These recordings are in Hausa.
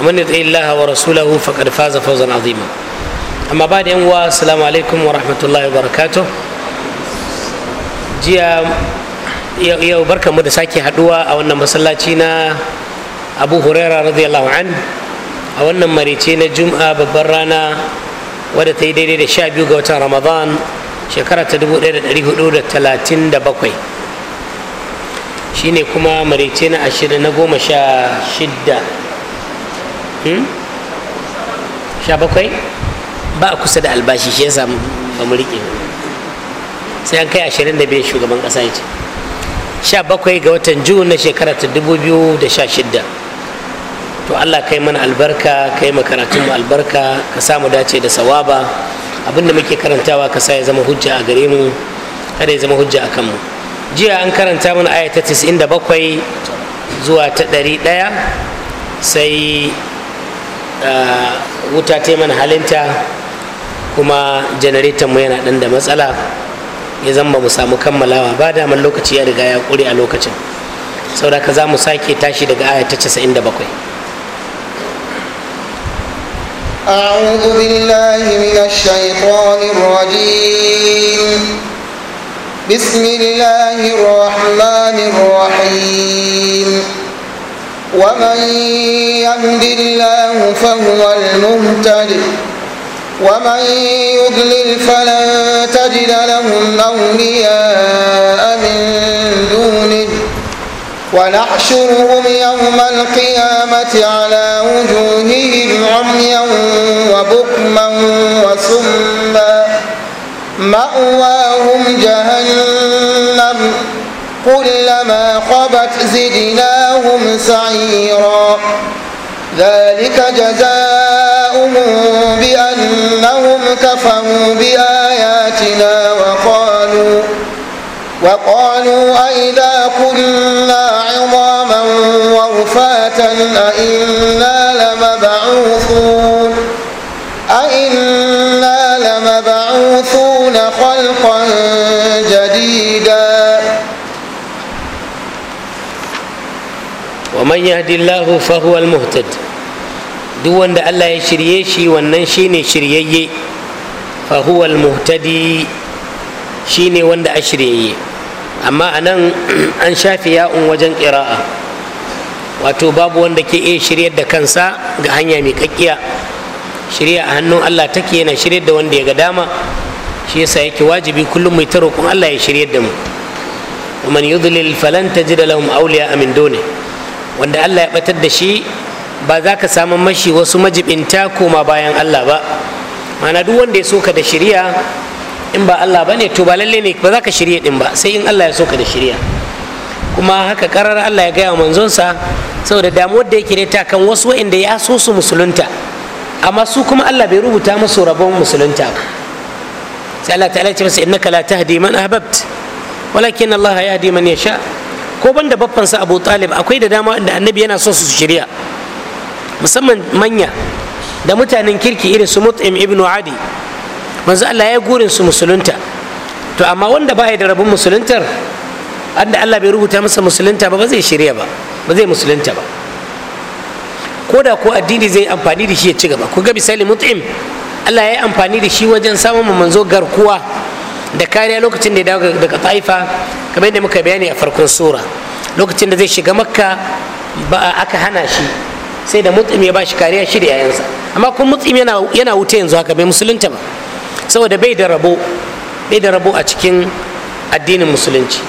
ومن يطع الله ورسوله فقد فاز فوزا عظيما اما بعد ان السلام عليكم ورحمه الله وبركاته جيا yau barka mu da sake haduwa a wannan masallaci na abu huraira radiyallahu an a wannan marice na juma'a babbar rana wadda ta yi daidai da 12 ga watan ramadan shekara ta 1437 shine kuma marice na 20 na goma sha shidda Hmm? sha bakwai ba a kusa da albashi shi yasa ba mu riƙe sai an kai ashirin da biyar shugaban ƙasa ya ce sha bakwai ga watan jun na shekara ta dubu biyu da sha shidda to allah kai mana albarka kai karatun mu albarka ka samu dace da sawaba da muke karantawa ka sa ya zama hujja a gare mu kada ya zama hujja a kanmu jiya an karanta mana aya ta bakwai zuwa ta ɗari ɗaya sai wuta ta yi mana halinta kuma janareton mu yana ɗan da matsala ya zan mu samu kammalawa ba daman lokaci ya riga ya ƙure a lokacin saboda ka za mu sake tashi daga aya ta 97 أعوذ بالله من الشيطان الرجيم بسم الله الرحمن الرحيم ومن يهد الله فهو المهتد ومن يضلل فلن تجد لهم أولياء من دونه ونحشرهم يوم القيامة على وجوههم عميا وبكما وسما مأواهم جهنم كلما خبت زدناهم سعيرا ذلك جزاؤهم بأنهم كفروا بآياتنا وقالوا وقالوا أئذا كنا عظاما ورفاتا أئنا لمبعوثون man yahdi Allahu fa duk wanda Allah ya shirye shi wannan shine shiryayye fa huwa muhtadi shine wanda a amma anan an shafi ya'un wajen ƙira'a wato babu wanda ke iya shiryar da kansa ga hanya mai kakkiya shiriya a hannun Allah take yana shiryar da wanda ya ga dama shi yasa yake wajibi kullum mai ta roƙon Allah ya shirya da mu ومن يضلل فلن تجد لهم أولياء من دونه wanda allah ya batar da shi ba za ka samu mashi wasu majibinta koma bayan allah ba mana duk wanda ya soka da shirya in ba allah ba ne to ba lalle ne ba za ka shirya din ba sai in allah ya soka da shirya kuma haka karar allah ya gaya wa manzonsa saboda damuwar da yake da kan wasu wa'inda ya so su musulunta amma su kuma allah bai rubuta musu rabon musulunta ba sai allah ta'ala ce masa innaka la tahdi man ahbabt walakin allah yahdi man yasha' ko ban da babbansa abu talib akwai da dama da annabi yana son su shirya musamman manya da mutanen kirki irin su mut'im ibnu adi manzo Allah ya gurin su musulunta to amma wanda ba ya da rabin musuluntar anda Allah bai rubuta masa musulunta ba ba zai shirya ba ba zai musulunta ba ko da ko addini zai amfani da shi ya ci gaba ku ga misali mut'im Allah ya yi amfani da shi wajen samun manzo garkuwa da kariya lokacin da ya dawo daga taifa kamar yadda muka bayani a farkon sura lokacin da zai shiga makka ba aka hana shi sai da mutsim ya shi kariya shi da yayansa amma kuma mutsim yana wuta yanzu haka bai musulunta ba saboda bai da rabo bai da rabo a cikin addinin musulunci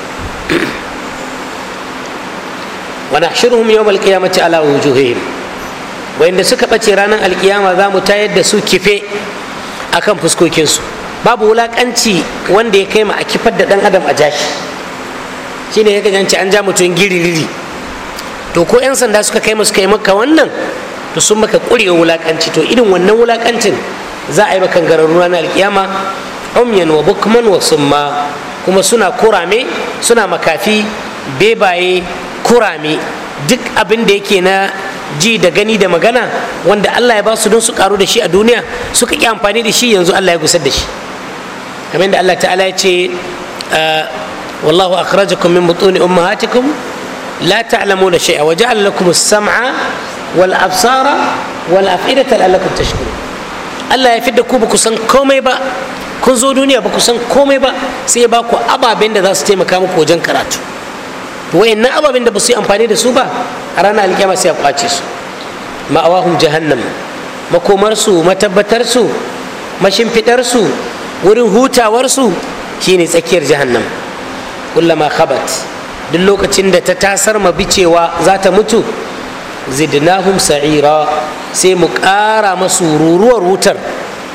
wa nahshuruhum yawm al-qiyamati ala wujuhihim wayanda suka bace ranar alkiyama za mu tayar da su kife akan fuskokinsu babu wulakanci wanda ya kai ma a kifar da dan adam a jashi shine ya ganci an ja mutum giri riri. to ko yan sanda suka kai masu kai maka wannan to sun maka kurewa wulakanci to irin wannan wulakancin za a yi maka gararru ranar alƙiyama? umyan wa bukman wa summa kuma suna kurame suna makafi bebaye kurame duk abin da yake na ji da gani da magana wanda Allah ya ba su don su karu da shi a duniya suka ƙi amfani da shi yanzu Allah ya gusar da shi kamar da Allah ta'ala ya ce ah, wallahu akhrajakum min butuni ummahatikum la ta'lamuna shay'a wa ja'ala lakum as-sam'a wal absara wal af'idata la'allakum tashkurun Allah ya fidda ku ba ku san komai ba kun zo duniya ba ku san komai ba sai ya ba ku ababen da za su taimaka muku wajen karatu wayannan ababen da ba su yi amfani da su ba a ranar alkiyama sai ya kwace su ma'awahum jahannam makomarsu matabbatarsu mashimfidarsu wurin hutawarsu shine tsakiyar jahannam kullama khabat duk lokacin da ta tasar ma bicewa za ta mutu zidnahum sa'ira sai mu ƙara masu ruruwar wutar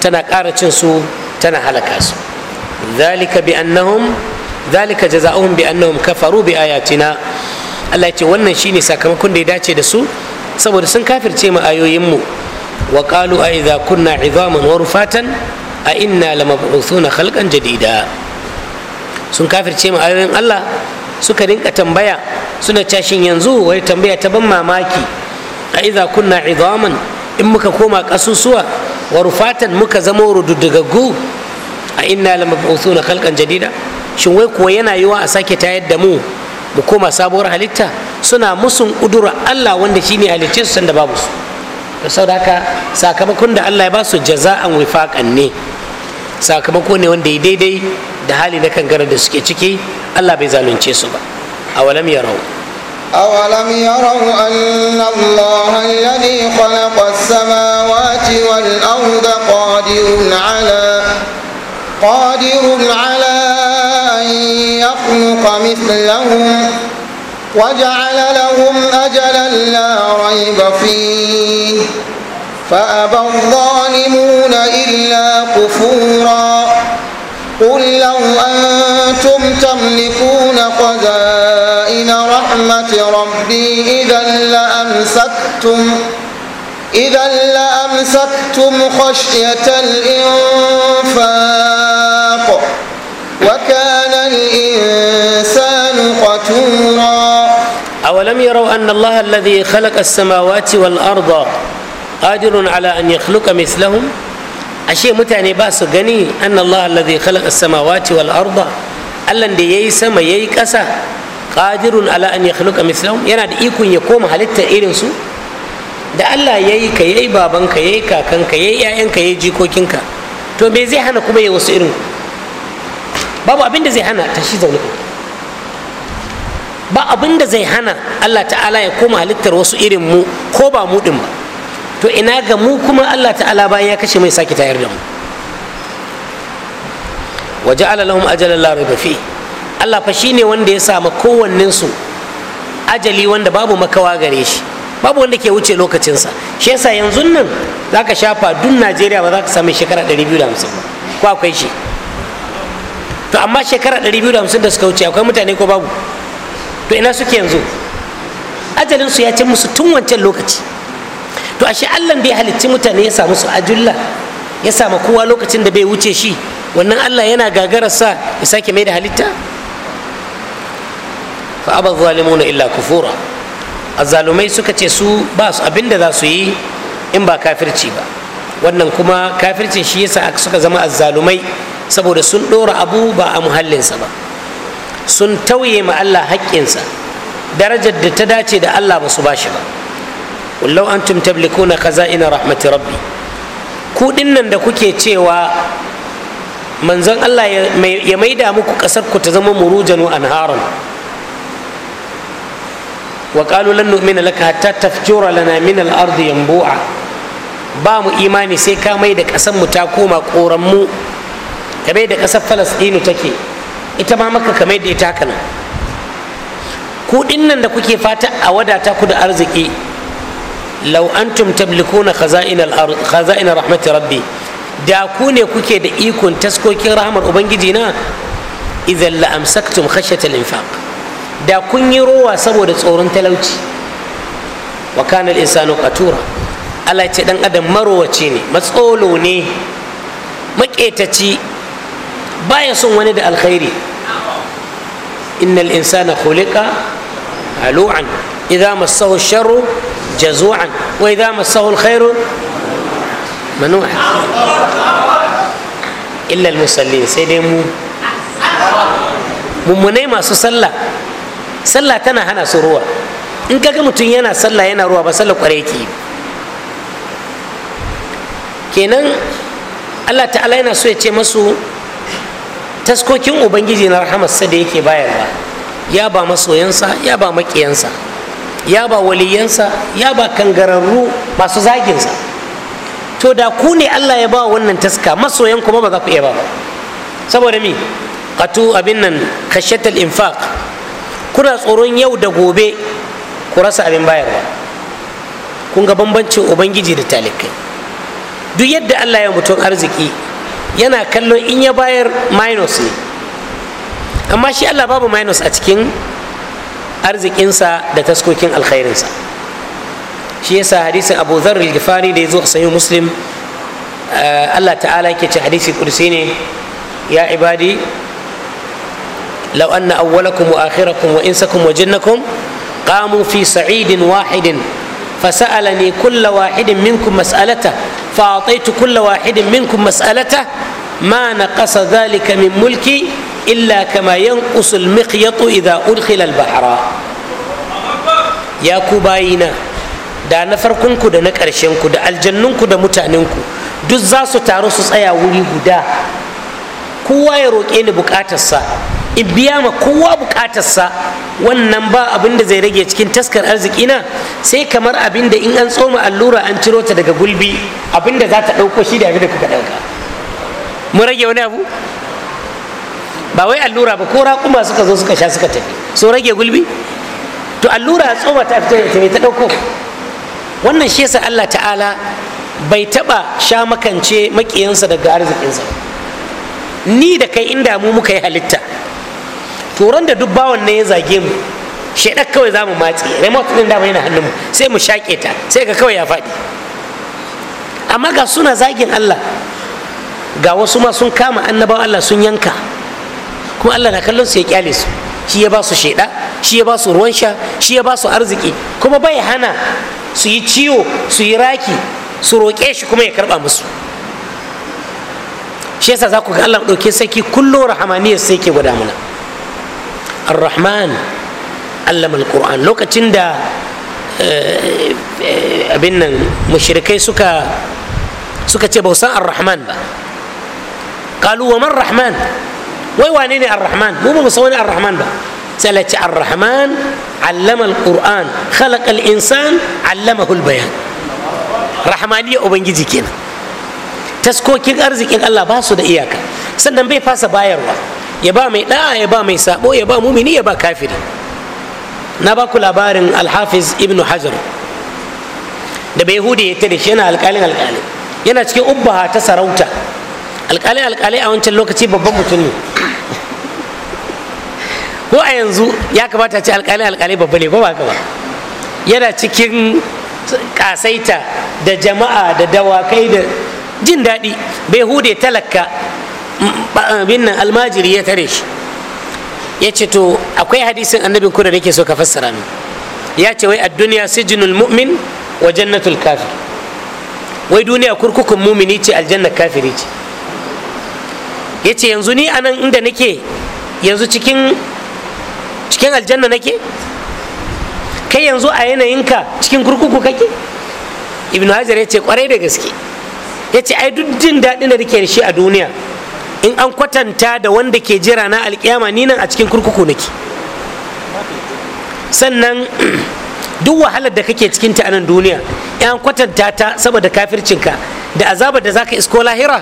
tana ƙara cin su tana halaka su zalika bi annahum zalika jaza'uhum bi annahum kafaru bi ayatina Allah ya ce wannan shine sakamakon da ya dace da su saboda sun kafirce mu ayoyin mu wa qalu a idza kunna izaman wa rufatan a inna na khalqan jadida sun kafirce mu ayoyin Allah suka rinka tambaya suna cashin yanzu wai tambaya ta ban mamaki a idza kunna idaman in muka koma kasusuwa wa rufatan muka zama rududdugaggu a inna na khalqan jadida shin wai kuwa yana yiwa a sake tayar da mu mu koma sabuwar halitta suna musun kudura Allah wanda shine halicce su sanda babu su da haka sakamakon da Allah ya ba su jaza'an wifaqan ne sakamako ne wanda ya daidai da hali na gara da suke ciki Allah bai zalunce su ba A walam awalam yarau أولم يروا أن الله الذي خلق السماوات والأرض قادر على قادر على أن يخلق مثلهم وجعل لهم أجلا لا ريب فيه فأبى الظالمون إلا كفورا قل لو أنتم تملكون خزائن رحمة ربي إذا لأمسكتم إذا لأمسكتم خشية الإنفاق وكان الإنسان قتورا أولم يروا أن الله الذي خلق السماوات والأرض قادر على أن يخلق مثلهم ashe mutane ba su gani an Allah alladhi khalaqa as-samawati wal arda Allah قادر على أن يخلق مثلهم qadirun ala an يقوم mislahum yana da Allah ya yi ka ya yi babanka ya yi kakanka ya yi ‘ya’yanka ya yi jikokinka to me zai hana kuma yi wasu irin babu abin da zai hana ta shi zaune ba abin da zai hana allah ta'ala ya koma halittar wasu irin mu ko ba mu din ba to ina ga mu kuma allah ta'ala bayan ya kashe mai sake tayar da mu wa ja'ala lahum ajalan la allah fa shine wanda ya sami kowannen su ajali wanda babu makawa gare shi babu wanda ke wuce lokacinsa shi yasa yanzu nan zaka shafa duk najeriya ba za ka sami shekara 250 ba ko akwai shi to amma shekara 250 da suka wuce akwai mutane ko babu to ina suke yanzu ajalinsu ya ce musu tun wancan lokaci to ashe allah bai halicci mutane ya samu su ajulla ya samu kowa lokacin da bai wuce shi wannan allah yana gagararsa ya sake mai da halitta fa aba zalimuna illa kufura azzalumai suka ce su ba su abin da za su yi in ba kafirci ba wannan kuma kafircin shi yasa suka zama azzalumai saboda sun ɗora abu ba a muhallinsa ba sun tauye ma Allah haƙƙinsa darajar da ta dace da Allah ba su ba shi ba wallau antum tablikuna ina rahmati rabbi ku dinnan da kuke cewa manzon Allah ya maida muku ƙasar ku ta zama murujan wa anharan wa qalu lan nu'mina laka hatta tafjura lana min al-ardi yanbu'a ba mu imani sai ka maida da kasar mu ta koma koran mu kamar da ƙasar Falastinu take ita ma maka kamar da ita haka nan ku nan da kuke fata a wadata ku da arziki law antum tamlikuna khaza'in rahmat rabbi da ku ne kuke da ikon taskokin rahmar ubangiji na idan la amsaktum khashyata infaq da kun yi rowa saboda tsoron talauci wa kana al-insanu qatura Allah ce dan adam marowaci ne matsolo ne maƙetaci baya son wani da alkhairi innal insana khuliqa halu'an idza massahu sharru jazu'an wa idza massahu alkhairu illa almusallin sai dai mu mummunai masu sallah sallah tana hana su ruwa in kaga mutum yana sallah yana ruwa ba sallah kwarai ke kenan allah ta'ala yana so ya ce masu taskokin ubangiji na rahamarsa da yake bayarwa ya ba masoyansa ya ba maƙiyansa ya ba waliyansa ya ba kangararru masu zaginsa to da ku ne allah ya ba wannan taska masoyan kuma ba za ku iya ba saboda mi katu abin nan kashatal infaq kuna tsoron yau da gobe ku rasa abin bayarwa kun ga bambancin ubangiji da talikai duk yadda allah ya mutum arziki yana kallon in ya bayar minus ne amma shi allah babu minus a cikin arzikinsa da taskokin alkhairinsa shi yasa hadisin abu zarar gifari da ya zo a sayi muslim eh, allah ta'ala yake ce hadisi kursi ne ya ibadi لو أن أولكم وآخركم وإنسكم وجنكم قاموا في سعيد واحد فسألني كل واحد منكم مسألته فأعطيت كل واحد منكم مسألته ما نقص ذلك من ملكي إلا كما ينقص المخيط إذا أدخل البحر يا كوباينا da na farkonku da na ƙarshenku da aljannunku da mutanenku duk za su taru su tsaya wuri guda kowa ya roƙe ni buƙatarsa in biya ma kowa bukatarsa wannan ba abin da zai rage cikin taskar arziki na sai kamar abin da in an tsoma allura an ciro ta daga gulbi abin da za ta ɗauko shi da abin da kuka ɗauka mu rage wani abu ba wai allura ba ko raƙuma suka zo suka sha suka tafi so rage gulbi to allura a tsoma ta fito ta ta ɗauko wannan shi yasa Allah ta'ala bai taɓa sha makance maƙiyansa daga arzikinsa ni da kai inda mu muka yi halitta turan da duk bawan ne ya zage mu shaidar kawai za mu matse remote ɗin dama yana hannun mu sai mu shaƙe ta sai ga kawai ya faɗi amma ga suna zagin Allah ga wasu ma sun kama annabawa Allah sun yanka kuma Allah na kallon su ya kyale su shi ya ba su shaida shi ya ba su ruwan sha shi ya ba su arziki kuma bai hana su yi ciwo su yi raki su roƙe shi kuma ya karɓa musu shi yasa za ku ga Allah ɗauke saki kullo rahamaniyar sai ke gwada mana ar-rahman allama al-qur'an lokacin da abin nan mushrikai suka suka ce bausan ar-rahman ba Ƙaluwaman wa wai wane ne ar-rahman mu ba mu san wani ar-rahman ba sai Allah ce ar-rahman allama al-qur'an khalaqa al-insan allamahu al-bayan rahmaniya ubangiji kenan taskokin arzikin Allah ba su da iyaka sannan bai fasa bayarwa ya ba mai ɗa'a, ya ba mai sabo ya ba mumini ya ba kafiri na ba ku labarin alhafiz ibn hajar da bai hudu ya tare yana alƙalin alƙali yana cikin ubbaha ta sarauta alƙalin alƙali a wancan lokaci babban mutum ne ko a yanzu ya kamata ce alƙalin alƙali babba ne ko ba haka ba yana cikin kasaita da jama'a da dawakai da jin daɗi bai hude talaka Eh, bin nan almajiri ya tare shi ya ce to akwai hadisin annabin ku da nake so ka fassara min ya ce wai a duniya sijinul mu'min wa jannatul kafir wai duniya kurkukun mumini ce aljannar kafiri ce ya ce yanzu ni anan inda nake yanzu cikin cikin aljanna nake kai yanzu a yanayinka cikin kurkuku kake ibn hajar ya ce kwarai da gaske ya ce ai duk jin daɗin da nake da shi a duniya in an kwatanta da wanda ke jira na alkiyama ni nan a cikin kurkuku nake sannan duk wahalar da kake cikin ta anan duniya an kwatanta ta saboda kafircinka da azaba da zaka isko lahira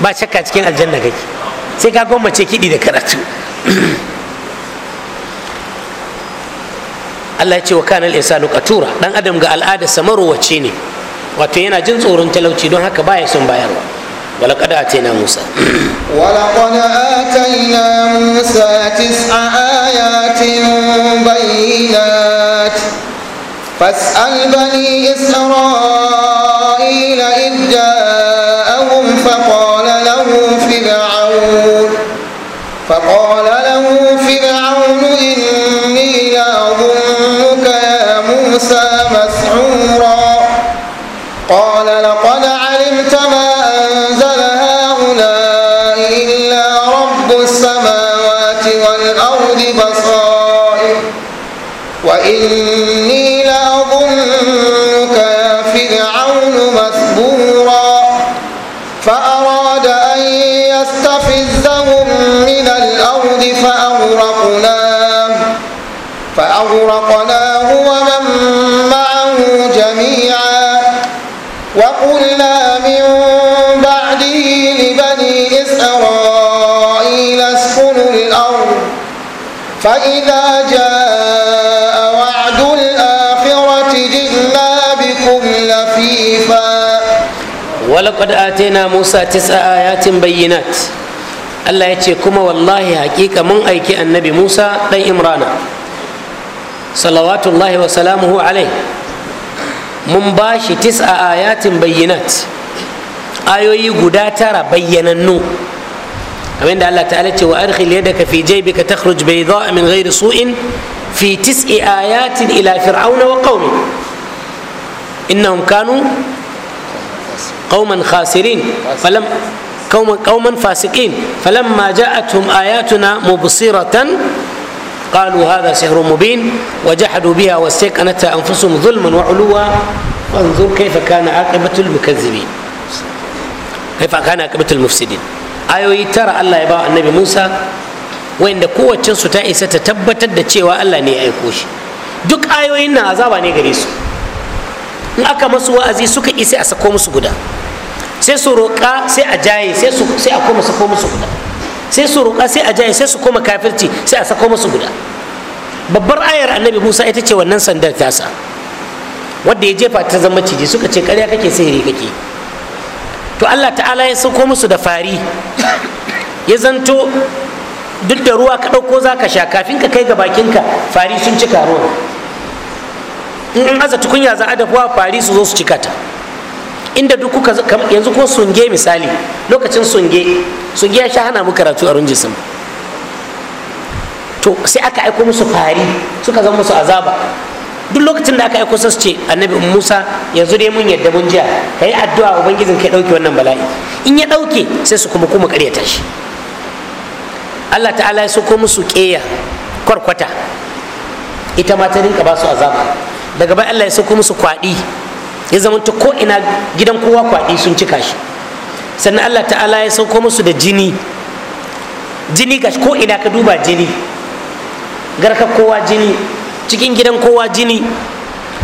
ba shakka cikin aljanna kake sai ka gwammace kiɗi da karatu Allah ya ce wa kanal insanu qatura dan adam ga al'ada wace ne wato yana jin tsoron talauci don haka baya son bayarwa ولقد آتينا موسى ولقد آتينا موسى تسع آيات بينات فاسأل بني إسرائيل إذ جاءهم فقال له فرعون فقال له فرعون إني لأظنك يا موسى وإني لأظنك يا فرعون مثبورا فأراد أن يستفزهم من الأرض فأغرقناه فأغرقناه ومن معه جميعا وقلنا من بعده لبني إسرائيل اسكنوا الأرض فإذا جاء walaƙad na musa tis'a ayatin bayyinat allah ya ce kuma wallahi hakika mun aiki annabi musa ɗan imrana salawatullahi wa salamuhu alai mun ba shi tis'a ayatin bayyinat ayoyi guda tara bayyanannu kamar da allah ta'ala ce wa arkhil yadaka fi jaybika takhruj bayda min ghairi su'in fi tis'i ayatin ila fir'auna wa qaumi innahum kanu qauman khasirin falam قوما قوما فاسقين فلما جاءتهم قالوا هذا سحر مبين وجحدوا بها واستيقنتها ظلما وعلوا وانظر كيف كان المكذبين كيف كان المفسدين ya ba annabi Musa wanda kowaccinsu ta isa ta tabbatar da cewa Allah ne ya aiko shi duk ayoyin nan azaba ne gare su in aka masu wa'azi suka isa a sako musu guda sai su roƙa sai a jaye sai a koma sako musu guda sai su roƙa sai a jaye sai su koma kafirci sai a sako musu guda babbar ayar annabi musa ita ce wannan sandar tasa wadda ya jefa ta zama ciji suka ce karya kake sihiri kake to allah ta'ala ya sako musu da fari ya zanto duk da ruwa ka ɗauko za ka sha kafin ka kai ga bakinka fari sun cika ruwan in an aza tukunya za a dafuwa fari su zo su cika ta inda duk kuka yanzu ko sunge misali lokacin sunge sunge ya sha hana mu karatu a runjin sun to sai aka aiko musu fari suka zama musu azaba duk lokacin da aka aiko su ce annabi musa yanzu dai mun yadda mun jiya ka yi addu'a ubangijin kai dauke wannan bala'i in ya dauke sai su kuma kuma karyata shi allah ta'ala ya soko musu keya kwarkwata ita ma ta rinka ba su azaba daga bayan allah ya soko musu kwaɗi ya zamanta ko ina gidan kowa kwaɗi sun cika shi sannan allah ta'ala ya sauko musu da jini jini gashi ko ina ka duba jini garka kowa jini cikin gidan kowa jini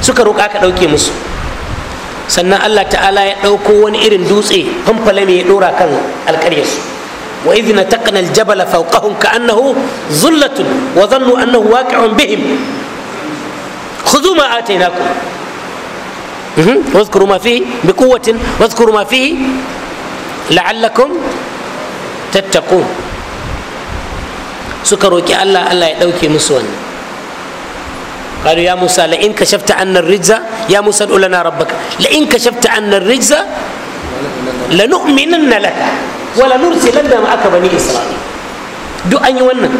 suka roƙa ka ɗauke musu sannan allah ta'ala ya ɗauko wani irin dutse fanfale mai ya ɗora kan alƙaryarsu wa idh nataqna aljabala fawqahum annahu zullatun wa dhannu annahu waqi'un bihim khudhu ma ku. واذكروا ما فيه بقوة واذكروا ما فيه لعلكم تتقون سكروا كي الله الله ya مسوان قالوا يا موسى لئن كشفت عنا الرجز يا موسى ادعو لنا ربك لئن كشفت عنا الرجز لنؤمنن لك ولنرسلن معك بني اسرائيل دو ان wannan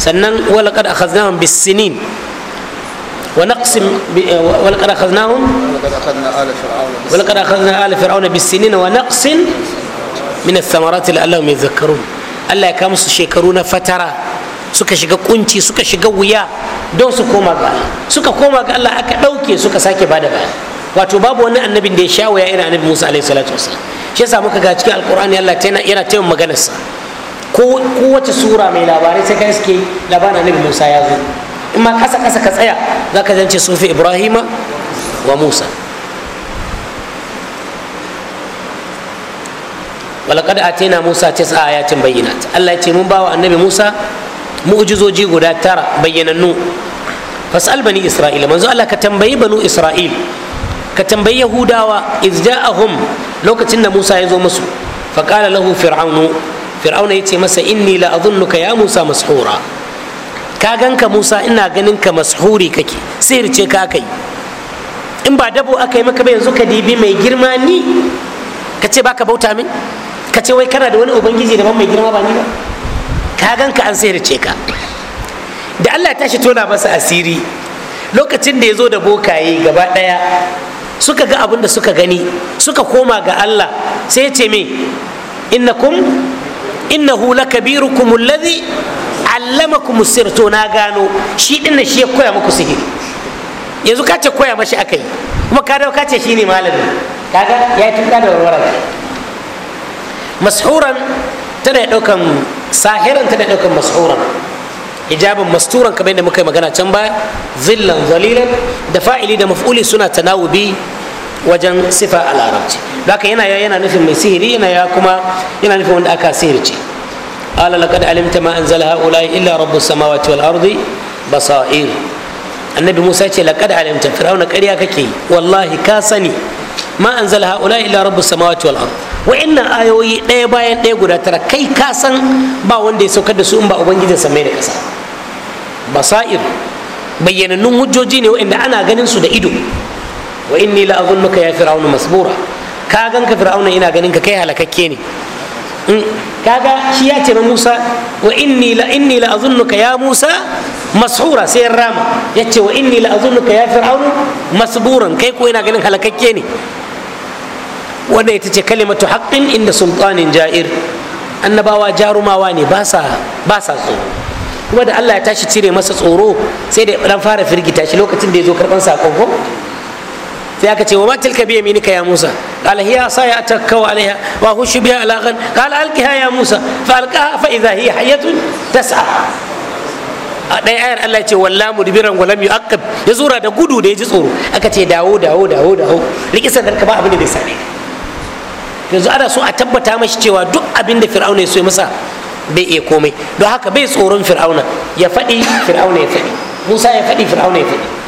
sannan walaqad akhadnahum ونقسم ب... ولقد أخذناهم ولقد أخذنا آل فرعون بالسنين من الثمرات لعلهم يذكرون Allah ya kama su shekaru na fatara suka shiga kunci suka shiga wuya don su koma ga suka koma ga Allah aka ɗauke suka sake da baya wato babu wani annabin da ya sha wuya irin annabi Musa alaihi salatu wasallam shi yasa muka ga cikin alqur'ani yana taimakon maganarsa ko kowace sura mai labarai sai ka iske labarin annabi Musa ya zo in ma kasa kasa ka tsaya za ka zance sufi ibrahima wa musa walakad atena musa tis'a ayatin bayyinat Allah ya ce mun bawa annabi musa mu'jizoji guda tara bayyanannu fas'al bani isra'ila manzo Allah ka tambayi banu isra'il ka tambayi yahudawa iz ja'ahum lokacin da musa ya zo musu faqala lahu fir'aunu fir'auna yace masa inni la adhunnuka ya musa mashura ka ganka musa ina ganin ka mashuri kake sihir ce ka kai in ba dabo aka yi maka ba yanzu ka dibi mai girma ni ka ce baka bauta min ka ce wai kana da wani ubangiji daban mai girma ba ni ba ka ganka an sihir ce ka da allah ya tashi tona masa asiri lokacin da ya zo da bokaye gaba ɗaya suka ga abin da suka gani suka koma ga allah sai ya ce me innakum innahu lakabirukum alladhi allamakum sir to na gano shi din shi ya koya muku sihiri yanzu ka ce koya mashi akai kuma ka dawo ka ce shine malami kaga ya tuka da warwara mashuran tana daukan sahiran tana daukan mashuran hijabin masturan kamar yadda muka yi magana can baya zillan zalilan da fa'ili da maf'uli suna tanawubi wajen sifa al'arabci larabci haka yana yana nufin mai sihiri yana ya kuma yana nufin wanda aka sihirce qala laqad alimta ma anzala haula'i illa rabbus samawati wal ardi basair annabi musa ce laqad alimta fir'auna ƙarya kake wallahi ka sani ma anzala haula illa rabbus samawati wal ard wa'annan ayoyi ɗaya bayan ɗaya guda tara kai ka san ba wanda ya saukar da su in ba ubangijin samai da ƙasa basair bayyanannun hujjoji ne wa'anda ana ganin su da ido wa inni la azunnuka ya fir'auna masbura ka ganka fir'auna ina ganin ka kai halakakke ne Eh, kaga shi ya ce ma musa wa inni la inni la azunnuka ya musa mashura sai rama ya ce wa inni la azunnuka ya fir'aunu masburan kai ko ina ganin halakakke ne wanda ita ce kalimatu haqqin inda sultanin ja'ir annabawa jarumawa ne ba sa tsoro kuma da Allah ya tashi cire masa tsoro sai da dan fara firgita shi lokacin da ya zo karban sakon ko sai aka ce wa ma tilka bi yaminika ya Musa qala hiya saya atakkaw alaiha wa hushi biha ala ghan qala alqiha ya Musa fa alqaha fa idha hiya hayatun tas'a a ɗaya ayar Allah ce walla mudbiran walam yu'aqqib ya zura da gudu da ya ji tsoro aka ce dawo dawo dawo dawo rikisan ka ba abin da bai yanzu ana so a tabbata mashi cewa duk abin da fir'auna ya so masa bai iya komai don haka bai tsoron fir'auna ya faɗi fir'auna ya faɗi musa ya faɗi fir'auna ya faɗi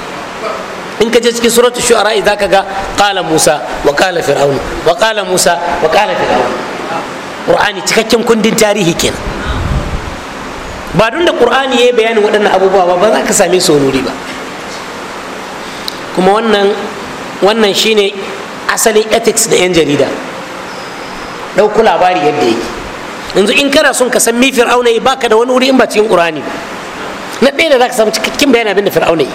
in ka je cikin suratul shu'ara za ka ga qala musa wa qala fir'aun wa qala musa wa qala fir'aun qur'ani cikakken kundin tarihi kenan ba dun da qur'ani yayi bayanin waɗannan abubuwa ba ba za ka same su wuri ba kuma wannan wannan shine asalin ethics da yan jarida ɗauku labari yadda yake yanzu in kana son ka san mi fir'auna yi baka da wani wuri in ba cikin qur'ani na ɗaya da za ka samu cikakken bayanin abin da fir'auna yi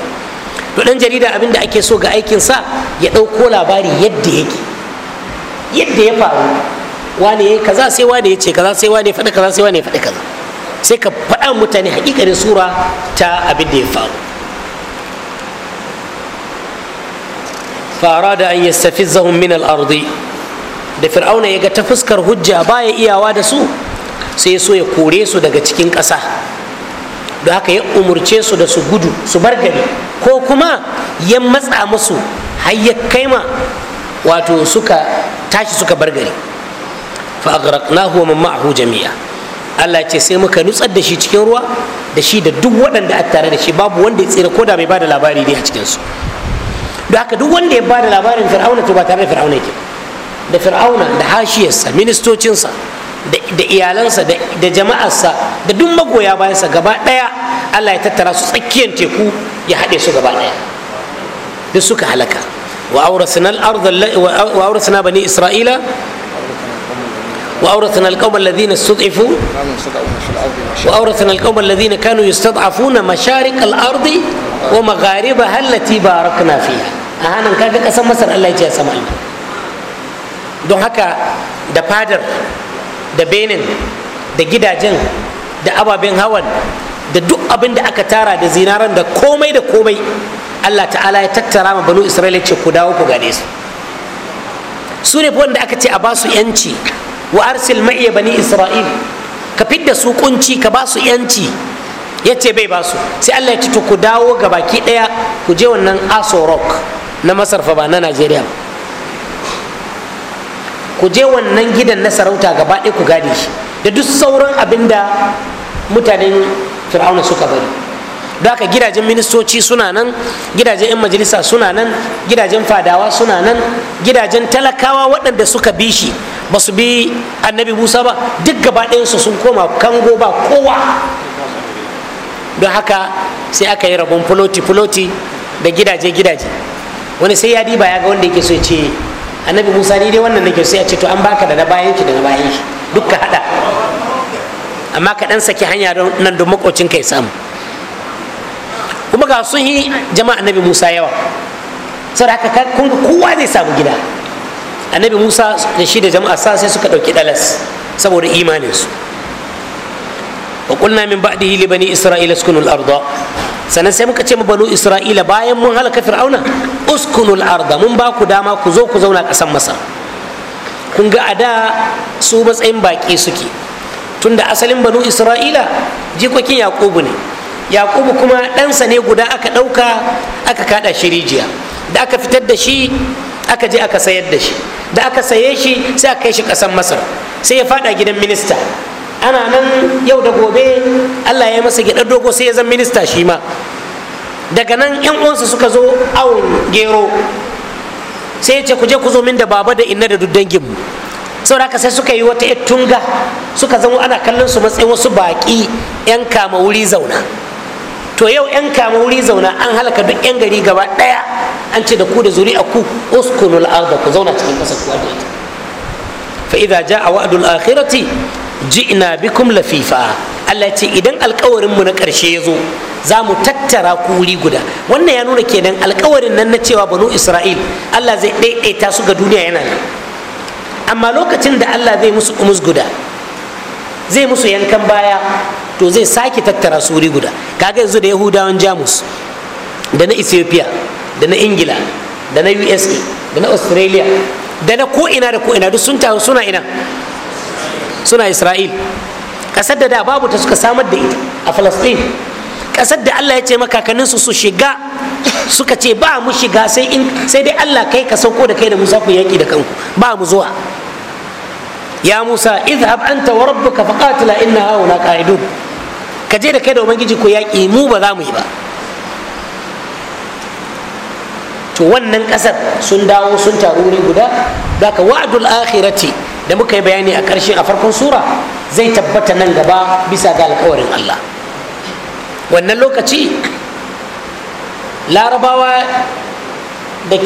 to dan jarida abinda ake so ga aikinsa ya ɗauko labari yadda yake yadda ya faru wane ya kaza sai wane ya ce kaza sai wane ya faɗi kaza sai wane ya faɗi kaza sai ka faɗa mutane hakikanin sura ta abin da ya faru fara da an yastafizzahum min al-ardi da fir'auna ya ga ta fuskar hujja baya iyawa da su sai so ya kore su daga cikin ƙasa da haka ya umurce su da su gudu su bar gari ko kuma ya matsa musu har ya ma wato suka tashi suka bar gari fa aghraqnahu wa ma'ahu jami'a Allah ce sai muka nutsar da shi cikin ruwa da shi da duk waɗanda a tare da shi babu wanda ya tsira ko da bai bada labari dai a cikin su da haka duk wanda ya bada labarin fir'auna to ba tare da fir'auna yake da fir'auna da hashiyarsa ministocinsa da iyalansa da jama'arsa da duk magoya bayansa gaba ɗaya allah ya tattara su tsakiyar teku ya haɗe su gaba ɗaya duk suka halaka wa aurasna bani isra'ila وأورثنا القوم الذين استضعفوا وأورثنا القوم الذين كانوا يستضعفون مشارق الأرض ومغاربها التي باركنا فيها أهانا كاكا قسم مصر الله يجي سمعنا دون هكا دفادر da benin da gidajen da ababen hawan da duk abin da aka tara da zinaran da komai da komai allah ta'ala ya tattara ma banu isra'ila ce ku dawo ku gane su su ne wanda aka ce a ba su yanci wa arsil ma'iya bani isra'il ka fidda su kunci ka ba su yanci ya ce bai ba su sai allah ya ce ku dawo ga baki daya ku je wannan aso rock na masar fa ba na najeriya ba ku je wannan gidan na sarauta gaba ɗaya ku gane shi da duk sauran abin da mutanen fir'auna suka bari da haka gidajen ministoci suna nan gidajen 'yan majalisa suna nan gidajen fadawa suna nan gidajen talakawa waɗanda suka bi shi ba su bi annabi musa ba duk gaba ɗayansu sun koma kango ba kowa don haka sai aka yi rabon fuloti-fuloti da gidaje-gidaje wani sai ya diba ya ga wanda yake so ya ce annabi musa ni dai wannan nake sai a ce to an baka da na bayan ki da na bayan ki duk ka hada amma ka dan saki hanya nan don makocin kai samu kuma ga sun yi jama'a annabi musa yawa saboda haka kun kowa zai samu gida annabi musa da shi da jama'a sa sai suka dauki dalas saboda imaninsu wa qulna min ba'dihi li bani isra'ila uskunu arda sannan sai muka ce mu banu isra'ila bayan mun halaka fir'auna uskunul arda mun ba ku dama ku zo ku zauna ƙasan masar kun ga a da su matsayin baƙi suke tunda asalin banu isra'ila jikokin yaƙubu ne yaƙubu kuma ɗansa ne guda aka ɗauka aka kaɗa shi rijiya da aka fitar da shi aka je aka sayar da shi da aka saye shi sai aka kai shi ƙasar masar sai ya faɗa gidan minista ana nan yau da gobe allah ya masa gyaɗar dogo sai ya zan minista shi ma daga nan yan uwansa suka zo awon gero sai ya ce ku je ku zo min da baba da inna da dudangin mu saboda haka sai suka yi wata tunga suka zama ana kallon su matsayin wasu baƙi yan kama wuri zauna to yau yan kama wuri zauna an halaka duk yan gari gaba ɗaya an ce da ku da zuri a ku uskunul arda ku zauna cikin ƙasar ku da ita fa idza jaa wa'dul akhirati ji'na bikum lafifa Allah ce idan alkawarin mu na ƙarshe ya zo za mu tattara ku wuri guda wannan ya nuna kenan alkawarin nan na cewa banu isra'il Allah zai ɗaiɗaita su ga duniya yana nan amma lokacin da Allah zai musu kumus guda zai musu yankan baya to zai sake tattara su wuri guda kaga yanzu da yahudawan jamus da na ethiopia da na ingila da na usa da na australia da na ko'ina da ko'ina duk sun taru suna ina suna isra'il ƙasar da da babu ta suka samar da ita a falastin ƙasar da allah ya ce makakaninsu su shiga suka ce ba mu shiga sai in sai dai allah kai ka sauko da kai da musa ku yaƙi da kanku ba mu zuwa ya musa izhab anta wa rabbuka faqatila inna hauna qa'idun ka je da kai da ubangiji ku yaƙi mu ba za mu yi ba to wannan ƙasar sun dawo sun taru wuri guda da ka wa'adul akhirati da muka yi bayani a ƙarshe a farkon sura zai tabbata nan gaba bisa ga alkawarin allah wannan lokaci larabawa da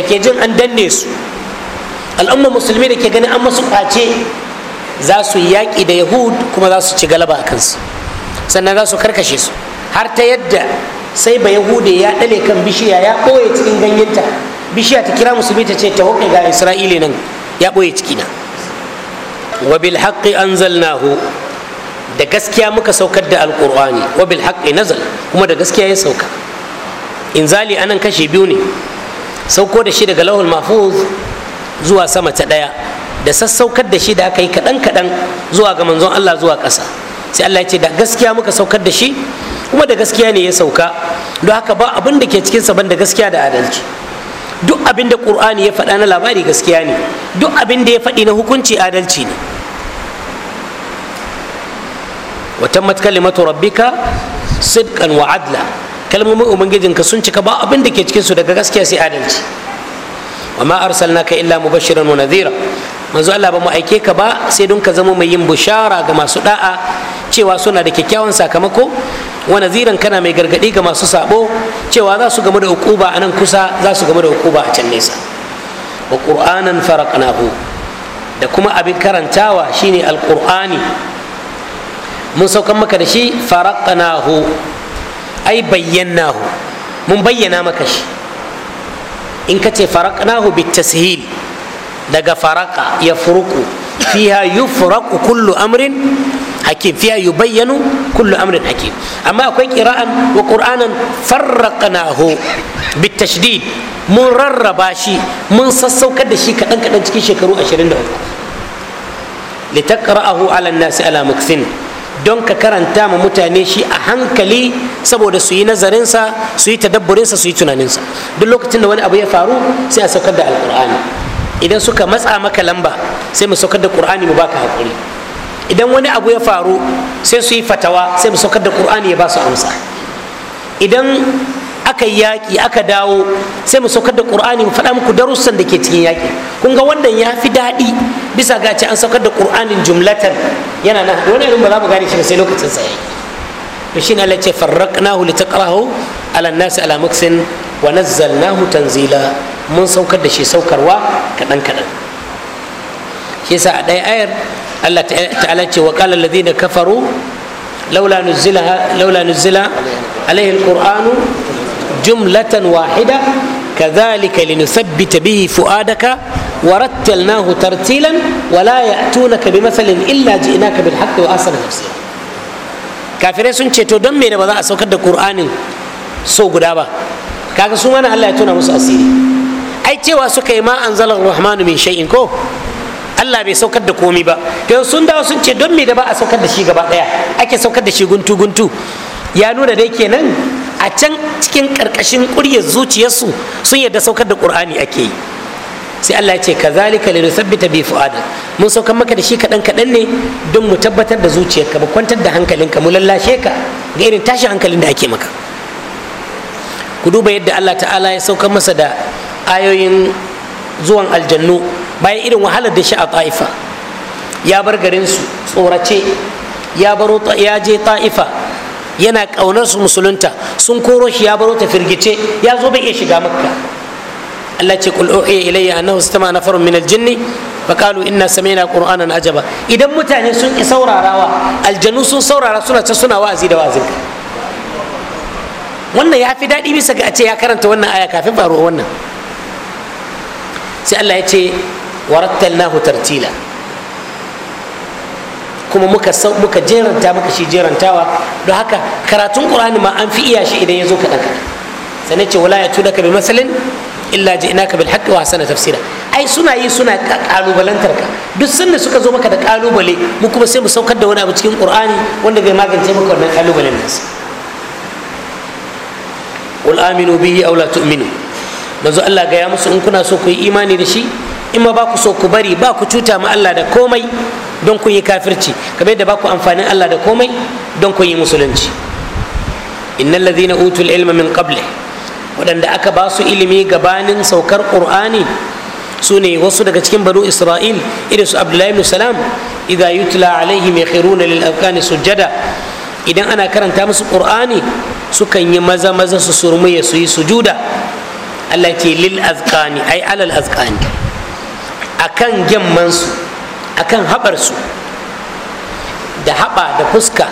ke jin an danne su al'ummar musulmi da ke ganin an masu ƙwace za su yi yaƙi da yahud kuma za su ci galaba a kansu sannan za su karkashe su har ta yadda sai ba yahude ya ɗale kan bishiya ya ɓoye cikin ganyenta bishiya ta kira musulmi ta ce ta hoƙe ga isra'ili nan ya ɓoye cikina wa bil haqqi da gaskiya muka saukar da alqur'ani wabil bil haqqi kuma da gaskiya ya sauka inzali anan kashe biyu ne sauko da shi daga lahul mahfuz zuwa sama ta ɗaya da sassaukar da shi da aka yi kaɗan-kaɗan zuwa ga manzon Allah zuwa ƙasa sai Allah ya ce da gaskiya muka saukar da shi kuma da gaskiya ne ya sauka don haka ba abin da ke cikinsa ban da gaskiya da adalci duk abin da ƙur'ani ya faɗa na labari gaskiya ne duk abin da ya faɗi na hukunci adalci ne watammat kalimatu rabbika sidqan wa adla kalmomin ubangijinka sun cika ba abin da ke cikinsu daga gaskiya sai adalci wa ma arsalnaka illa mubashiran wa nadhira manzo Allah ba mu aike ka ba sai don ka zama mai yin bushara ga masu da'a cewa suna da kyakkyawan sakamako wa naziran kana mai gargadi ga masu sabo cewa za su gama da ukuba a nan kusa za su gama da ukuba a can nesa wa qur'anan faraqnahu da kuma abin karantawa shine alqur'ani mun saukan maka da shi faraqnahu ai bayyanahu mun bayyana maka shi in kace ce faraqnahu bitashil daga faraka ya furuku fiha yufraku kullu amrin hakim fiha yubayyanu kullu amrin hakim amma akwai qira'an wa qur'anan farraqnahu bitashdid mun rarraba shi mun sassaukar da shi kadan kadan cikin shekaru 23 litaqra'ahu 'ala an-nasi ala mukthin don ka karanta ma mutane shi a hankali saboda su yi nazarinsa su yi tadabburinsa su yi tunaninsa duk lokacin da wani abu ya faru sai a saukar da alkur'ani idan suka matsa maka lamba sai mu saukar da qur'ani mu baka hakuri idan wani abu ya faru sai su yi fatawa sai mu saukar da qur'ani ya ba su amsa idan aka yi yaƙi aka dawo sai mu saukar da qur'ani mu faɗa muku darussan da ke cikin yaƙi kun ga wannan ya fi daɗi bisa ga ce an saukar da qur'anin jumlatan yana nan wani abin ba za mu gane shi sai lokacin sa yayi مشينا التي فرقناه لتقراه على الناس على مكس ونزلناه تنزيلا من سوكر دشي سوكروا كدن كدن شي سا داي اير الله تعالى وقال الذين كفروا لولا نزلها لولا نزل عليه القران جمله واحده كذلك لنثبت به فؤادك ورتلناه ترتيلا ولا ياتونك بمثل الا جئناك بالحق واحسن تفسيرا kafirai sun ce to don me da ba za a saukar da qur'anin so guda ba kaga su mana Allah ya tuna musu asiri ai cewa suka yi ma anzalar rahmanu min shay'in ko Allah bai saukar da komi ba to sun dawo sun ce don me da ba a saukar da shi gaba daya ake saukar da shi guntu guntu ya nuna dai kenan a can cikin karkashin kuryar zuciyarsu sun yarda saukar da kur'ani ake yi sai Allah ya ce zalika li sabbita bi fu'adak mun sauka maka da shi kaɗan kaɗan ne don mu tabbatar da zuciyarka mu kwantar da hankalinka mu lallashe ka ga irin tashin hankalin da ake maka ku duba yadda Allah ta'ala ya saukan masa da ayoyin zuwan aljannu bayan irin wahalar da shi a ta'ifa ya bar garin su tsorace ya baro ya je ta'ifa yana kaunar su musulunta sun koro shi ya baro ta firgice ya zo bai iya shiga makka Allah ce kul uhiya ilayya annahu istama nafarun min al-jinni faqalu inna sami'na qur'anan ajaba idan mutane sun ki saurarawa aljanu sun saurara suna ta suna wa'azi da wa'azin wannan ya fi daɗi bisa ga a ce ya karanta wannan aya kafin faruwa wannan sai Allah ya ce warattalnahu tartila kuma muka muka jeranta muka shi jerantawa don haka karatun qur'ani ma an fi iya shi idan ya zo kaɗan kaɗan sannan ce wala ya tudaka bi masalin illa ji'naka bil haqqi wa hasana tafsira ai suna yi suna kalubalantar ka duk sanda suka zo maka da kalubale mu kuma sai mu saukar da wani abu cikin qur'ani wanda zai magance maka wannan kalubalen nan. qul aminu bihi aw la tu'minu manzo Allah ga ya musu in kuna so ku yi imani da shi in ma ba ku so ku bari ba ku cuta ma Allah da komai don kun yi kafirci kamar yadda ba ku amfanin Allah da komai don kun yi musulunci innal ladhina utul ilma min qablihi waɗanda aka ba su ilimi gabanin saukar ƙur'ani su ne wasu daga cikin banu isra'il irin su abdullahi ibn salam idan yutla alaihi mai khiruna lil sujjada idan ana karanta musu ƙur'ani sukan yi maza maza su surmuye su yi sujuda allah ce lil azkani ai alal azkani akan gyammansu akan haɓarsu da haɓa da fuska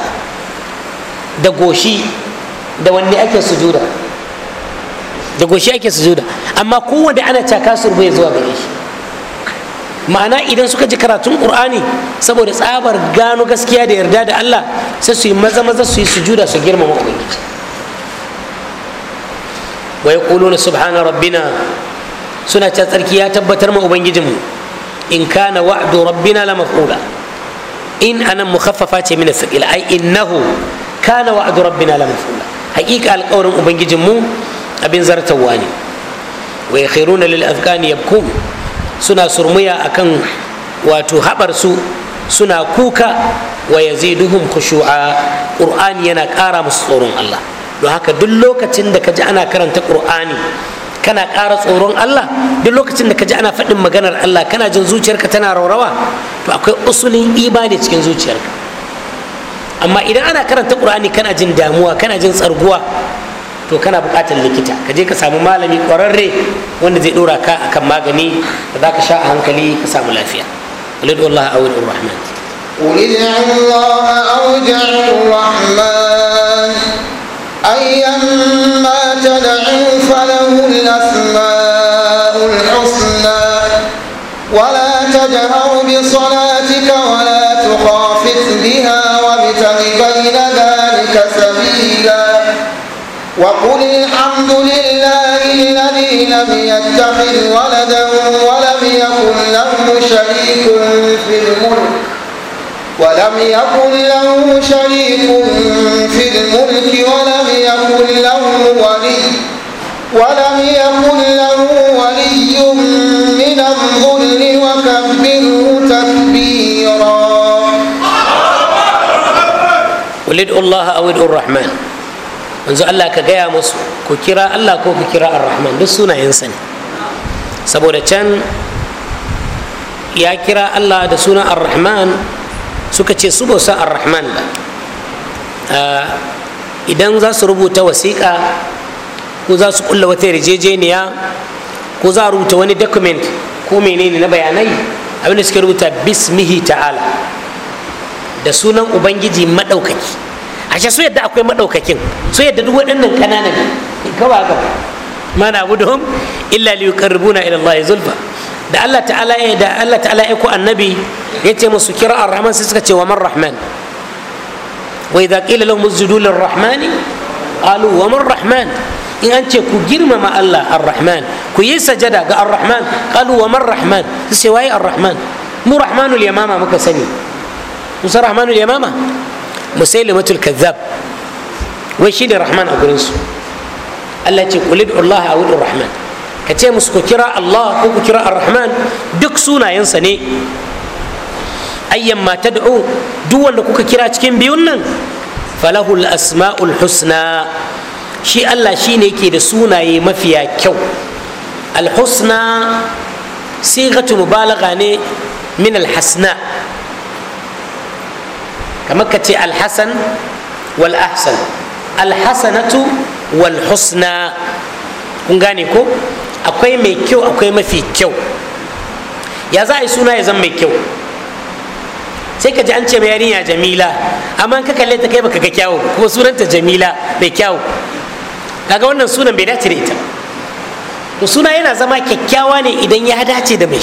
da goshi da wanne ake sujuda da goshi ake sujuda amma kowanne ana takasur bai zuwa gare shi ma'ana idan suka ji karatun qur'ani saboda tsabar gano gaskiya da yarda da Allah sai su yi maza maza su yi sujuda su girmama ubangiji wa yaquluna subhana rabbina suna ta tsarki ya tabbatar ma ubangijinmu in kana wa'du rabbina la maf'ula in anan mukhaffafa ce min as-saqila ai innahu kana wa'du rabbina la maf'ula haqiqa alqawrin ubangijinmu abin zartawa ne wa ya khairuna lil afghani suna surmuya akan wato haɓarsu suna kuka wa yaziduhum khushu'a ƙur'ani yana ƙara musu tsoron Allah don haka duk lokacin da kaji ana karanta qur'ani kana ƙara tsoron Allah duk lokacin da kaji ana faɗin maganar Allah kana jin zuciyarka tana raurawa to akwai usulin ibada cikin zuciyarka amma idan ana karanta ƙur'ani kana jin damuwa kana jin tsarguwa to kana buƙatar likita ka je ka samu malami kwararre wanda zai ɗora ka akan magani da za ka sha a hankali ka samu lafiya ulid Allah a wurin rahman ulid Allah a wajen rahman ayyan ma ta da'in falahun asma'ul husna wala وقل الحمد لله الذي لم يتخذ ولدا ولم يكن له شريك في الملك ولم يكن له شريك في الملك ولم يكن له ولي ولم يكن له ولي من الظل وكبره تكبيرا قل ادعوا الله او ادعوا الرحمن yanzu Allah ka gaya musu ku kira Allah ko ku kira ar-rahman duk sunayensa ne saboda can ya kira Allah da suna ar-rahman suka ce su bosa ar-rahman ba ah, idan za su rubuta wasiƙa ko za su kulla wata yarjejeniya ko za rubuta wani document ko menene na bayanai abin da suke rubuta bismihi ta'ala da sunan ubangiji maɗaukaki ashe su yadda akwai madaukakin su yadda duk waɗannan kananan kawa ga ma na abuduhum illa li yuqarribuna ila Allah zulfa da Allah ta'ala ya da Allah ta'ala ya ko annabi yace musu kira ar-rahman sai suka ce wa rahman wa idza qila lahum usjudu lir-rahman qalu wa rahman in an ce ku girmama Allah ar-rahman ku yi sajada ga ar-rahman qalu wa rahman sai waye ar-rahman mu rahmanul yamama muka sani musa rahmanul yamama musailimatul kazzab wai shi ne rahman a gurinsu allah ce kulid allah a wurin rahman ka ce musu ku kira allah ko ku kira ar-rahman duk sunayensa ne ayyan ma tad'u duk wanda kuka kira cikin biyun nan falahul asma'ul husna shi allah shine yake da sunaye mafiya kyau alhusna sigatu mubalagha ne min alhasna kamar ka ce alhassan wal alhassanatu wal kun gane ko akwai mai kyau akwai mafi kyau ya za a yi suna ya zan mai kyau sai ka ji an ce mai yarinya jamila amma ka kalle ta kai baka ga kyawu kuma sunanta jamila mai kyawu kaga wannan sunan bai dace da ita suna yana zama kyakkyawa ne idan ya dace da mai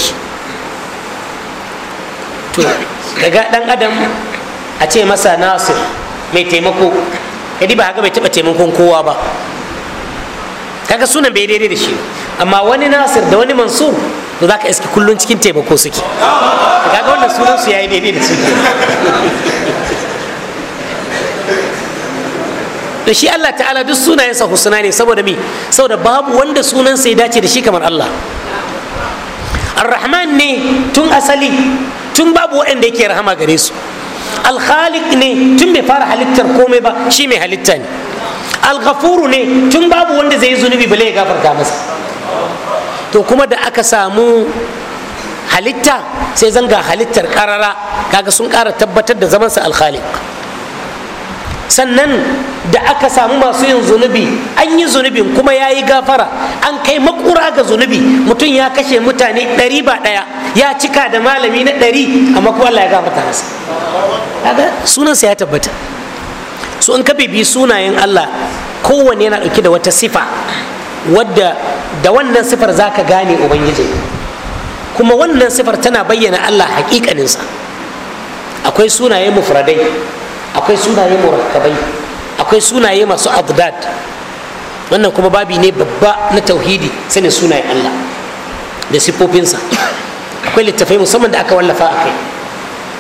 to daga dan adam a ce masa nasir mai taimako yadda ba haka bai taɓa taimakon kowa ba kaga sunan bai daidai da shi amma wani nasir da wani mansur to za ka iske kullum cikin taimako suke kaga wannan sunan su yayi daidai da su da shi Allah ta'ala duk sunayensa husna ne saboda mi saboda babu wanda sunansa ya dace da shi kamar Allah ar-rahman ne tun asali tun babu waɗanda yake rahama gare su alkhalik ne tun bai fara halittar komai ba shi mai halitta ne alghafuru ne tun babu wanda zai yi zunubi bale ya gafarta masa to kuma da aka samu halitta sai zanga halittar karara kaga sun kara tabbatar da zamansa alkhaliq sannan da aka samu masu yin zunubi an yi zunubin kuma ya yi gafara an kai makura ga zunubi mutum ya kashe mutane ɗari ba ɗaya ya cika da malami na ɗari amma makuwa Allah ya gafarta masa sunansa ya tabbata so in ka bibi sunayen Allah kowanne yana ɗauke da wata sifa wadda da wannan sifar za ka gane ubangiji kuma wannan sifar tana bayyana Allah hakikaninsa akwai sunaye mufradai akwai sunaye murakkabai akwai sunaye masu abdad wannan kuma babi ne babba na tauhidi sanin sunayen allah da siffofinsa akwai littafai musamman da aka wallafa a kai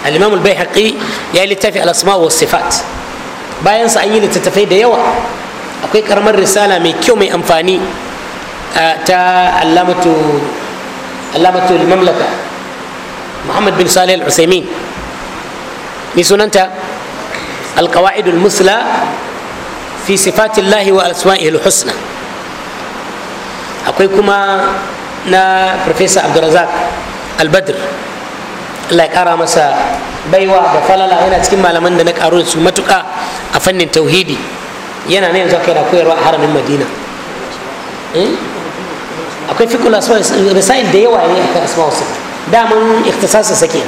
al-imam al-baihaqi ya yi littafi al-asma wa sifat bayan sa an yi littattafai da yawa akwai karamar risala mai kyau mai amfani ta allamatu allamatu al-mamlaka muhammad bin salih al-usaimin ni sunanta القواعد المثلى في صفات الله وأسمائه الحسنى akwai kuma na professor abdulrazak albadr allah ya kara masa baiwa da falala yana cikin malaman da na karo da su matuka a fannin tauhidi yana na yanzu kai da koyarwa a haramin madina eh? akwai fikula risa'il da yawa ne akan asma wasu daman ikhtisasa sake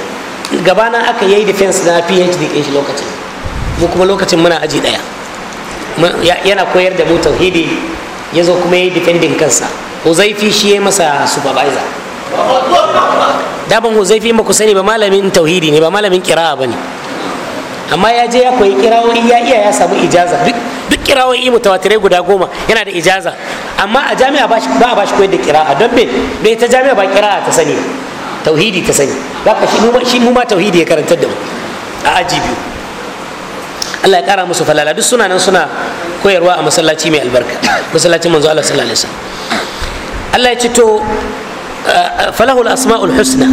gabana aka yi defense na phd ɗin shi lokacin mu kuma lokacin muna aji daya yana koyar da mu tauhidi ya zo kuma ya yi defending kansa huzaifi shi ya masa supervisor daban huzaifi ba ku sani ba malamin tauhidi ne ba malamin kirawa ba ne amma ya je ya koyi kirawoyi ya iya ya samu ijaza duk kirawoyi mutawatirai guda goma yana da ijaza amma a jami'a ba a bashi koyar da kira'a don me bai ta jami'a ba kira'a ta sani tauhidi ta sani shi mu ma tauhidi ya karantar da mu a aji biyu Allah ya kara musu falala duk suna nan suna koyarwa a masallaci mai albarka masallacin manzo Allah sallallahu alaihi wasallam Allah ya ce to eh, falahul asma'ul husna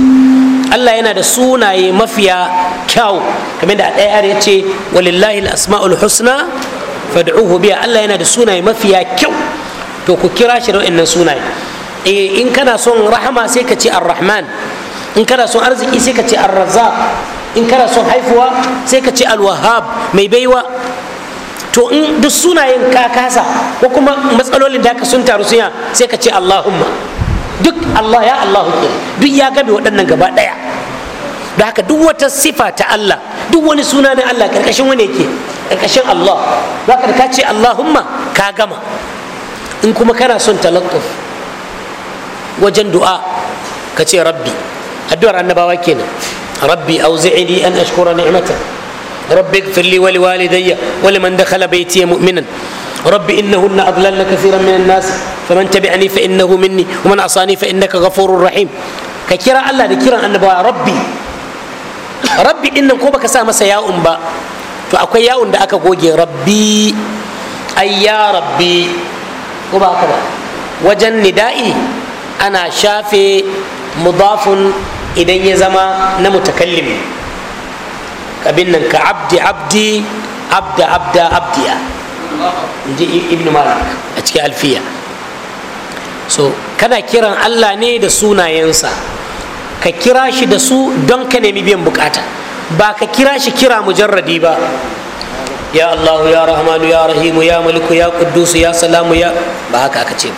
Allah yana da sunaye mafiya kyau kamar da ɗaya ya ce walillahi asma'ul husna fad'uhu biya Allah yana da sunaye mafiya kyau to ku kira shi da wa'annan sunaye eh, in kana son rahama sai ka ce ar-rahman in kana son arziki sai ka ce ar-razzaq in kana son haifuwa sai ka ce alwahab mai baiwa to in duk sunayen ka kasa ko kuma matsalolin da ka sun taru suya sai ka ce allahumma duk allah ya allahu ke duk ya gabe waɗannan gaba ɗaya da haka duk wata sifa ta allah duk wani suna na allah ƙarƙashin wani yake ƙarƙashin allah za ka ka ce allahumma ka gama in kuma kana son talattuf wajen du'a ka ce rabbi addu'ar annabawa kenan ربي أوزعني أن أشكر نعمتك ربي اغفر لي ولوالدي ولمن دخل بيتي مؤمنا رب إنهن أضللن كثيرا من الناس فمن تبعني فإنه مني ومن عصاني فإنك غفور رحيم كيرا الله كيرا أن ربي ربي إن كوبك سامة سياء با فأكو يا أمبا أكا ربي أي يا ربي كوبا كوبا وجن ندائي أنا شافي مضاف idan ya zama na mutakallim abin nan ka abdi abdi abda abda abdiya in ji ibn malik a cikin alfiya so kana kiran allah ne da sunayensa ka kira shi da su don ka nemi biyan bukata ba ka kira shi kira mujarradi ba ya allahu ya rahmanu ya rahimu ya maliku ya kuddusu ya salamu ya ba haka aka ce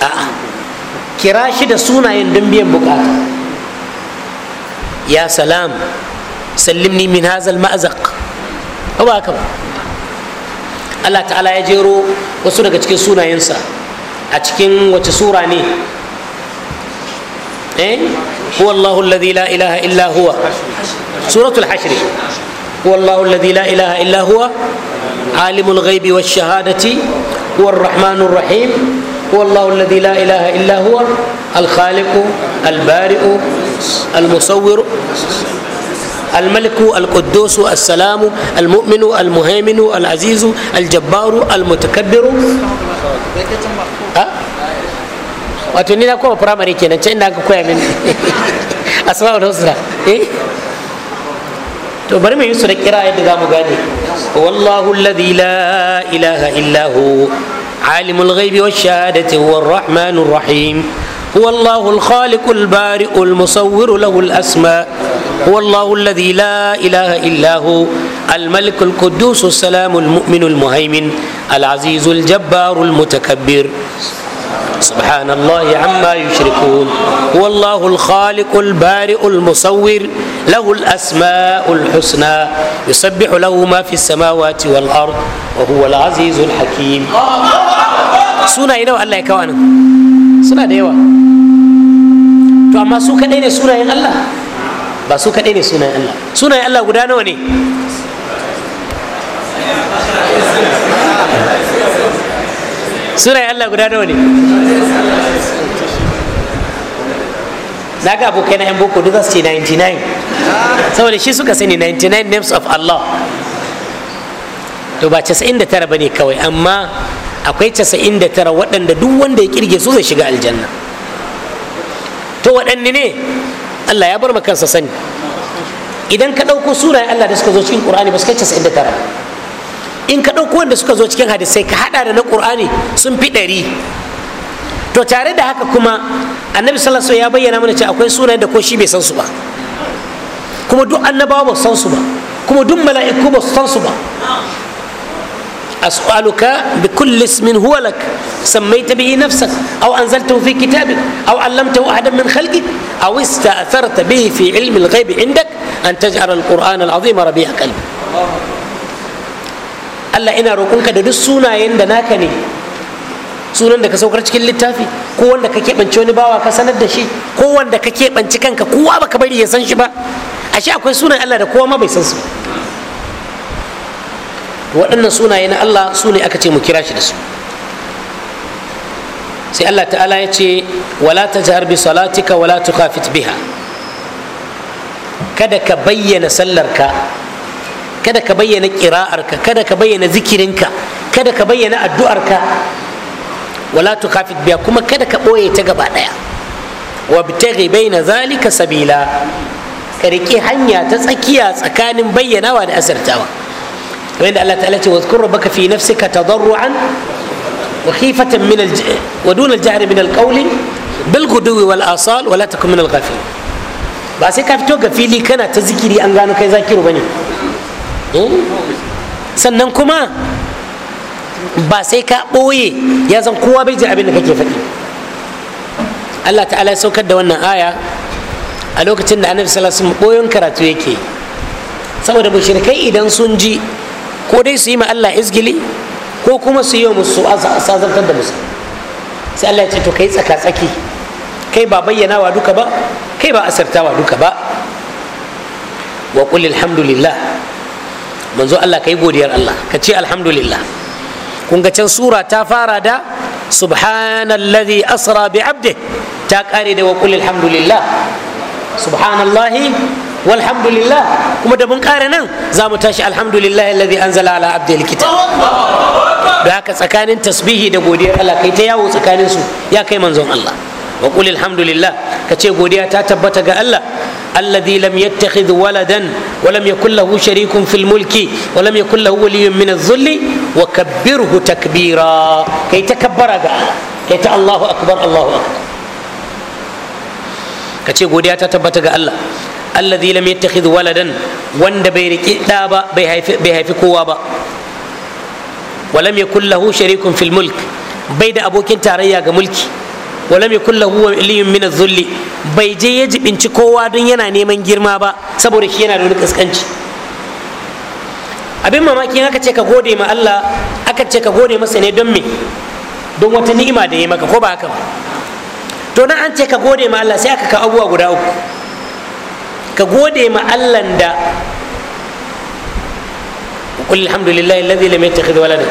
a'a kira shi da sunayen don biyan bukata ya salam sallimni min hazal ma'azaq ba haka ba Allah ta'ala ya jero wasu daga cikin sunayensa a cikin wace sura ne eh huwa Allahu alladhi la ilaha illa huwa suratul hashr huwa Allahu alladhi la ilaha illa huwa alimul ghaibi wash shahadati huwa ar-rahmanur rahim هو الله الذي لا إله إلا هو الخالق البارئ المصور الملك القدوس السلام المؤمن المهيمن العزيز الجبار المتكبر wato ni na koma firamare kenan can inda aka koya min asma'ul eh? to bari mu yi su da kira yadda za mu gane wallahu alladhi la ilaha عالم الغيب والشهادة هو الرحمن الرحيم هو الله الخالق البارئ المصور له الأسماء هو الله الذي لا إله إلا هو الملك القدوس السلام المؤمن المهيمن العزيز الجبار المتكبر سبحان الله عما يشركون هو الله الخالق البارئ المصور له الأسماء الحسنى يسبح له ما في السماوات والأرض وهو العزيز الحكيم sunaye nawa Allah ya kawo nan suna da yawa to amma su kadai ne sunayen Allah ba su kadai ne sunayen Allah sunayen Allah guda nawa ne sunayen Allah guda nawa ne na ga abokai na yan boko duk su ce 99 saboda shi suka sani 99 names of Allah to ba 99 ba ne kawai amma akwai tara waɗanda duk wanda ya kirge su zai shiga aljanna to waɗanne ne Allah ya bar ma kansa sani idan ka ɗauko sunayen Allah da suka zo cikin Qur'ani ba su kai tara. in ka ɗauko wanda suka zo cikin hadisai ka haɗa da na Kur'ani sun fi ɗari to tare da haka kuma annabi sallallahu alaihi ya bayyana mana cewa akwai sunayen da ko shi bai san su ba kuma duk annabawa ba san su ba kuma duk mala'iku ba san su ba أسألك بكل اسم هو لك سميت به نفسك أو أنزلته في كتابك أو علمته أحدا من خلقك أو استأثرت به في علم الغيب عندك أن تجعل القرآن العظيم ربيع قلبي Allah ina roƙonka da duk sunayen da naka ne sunan da ka saukar cikin littafi ko wanda ka keɓance wani bawa ka sanar da shi ko wanda ka keɓance kanka kowa baka bari ya san shi ba ashe akwai sunan Allah da kowa ma bai san su ba waɗannan sunaye na Allah su ne aka ce mu kira shi da su sai Allah ta'ala ya ce wala tajhar bi salatika wala tukhafit biha kada ka bayyana sallarka kada ka bayyana ƙira'arka kada ka bayyana zikirinka kada ka bayyana addu'arka wala tukhafit biha kuma kada ka ɓoye ta gaba ɗaya wa bitaghi baina zalika sabila ka riƙe hanya ta tsakiya tsakanin bayyanawa da asirtawa وإن الله تعالى واذكر ربك في نفسك تضرعا وخيفة من الج... ودون الجهر من القول بالغدو والآصال ولا تكن من الغافلين ba sai ka fito ga fili kana ta zikiri an gano kai za zakiru bane sannan kuma ba sai ka ɓoye ya zan kowa bai ji abin da kake faɗi Allah ta'ala ya saukar da wannan aya a lokacin da annabi sallallahu alaihi wasallam ɓoyon karatu yake saboda mushrikai idan sun ji ko dai su yi ma Allah izgili ko kuma su yi wa musu azabtar da musu sai Allah ya ce to kai tsaka tsaki kai ba bayyana wa duka ba kai ba asirta wa duka ba wa qul alhamdulillah manzo Allah kai godiyar Allah ka ce alhamdulillah kun ga can sura ta fara da subhanallazi asra bi abdi ta kare da wa qul alhamdulillah subhanallahi walhamdulillah kuma da mun kare nan za mu tashi alhamdulillah alladhi anzala ala abdi alkitab da haka tsakanin tasbihi da godiyar Allah kai ta yawo tsakanin su ya kai manzon Allah wa qul alhamdulillah ka ce godiya ta tabbata ga Allah alladhi lam yattakhidh waladan wa lam yakul lahu sharikun fil mulki wa lam yakul lahu waliyyun min wa kabbirhu takbira kai ta kabbara ga kai ta Allahu akbar Allahu ka ce godiya ta tabbata ga Allah alladhi lam yattakhidh waladan wanda bai riki da ba bai haifi bai haifi kowa ba walam yakul lahu sharikun fil mulk bai da abokin tarayya ga mulki walam yakul lahu waliyun min adh-dhulli bai je ya jibinci kowa don yana neman girma ba saboda shi yana da wani kaskanci abin mamaki aka ce ka gode ma Allah aka ce ka gode masa ne don me don wata ni'ima da ya maka ko ba haka ba to nan an ce ka gode ma Allah sai aka ka abubuwa guda uku ka gode ma Allah da kulli alhamdulillah alladhi lam yattakhidh walada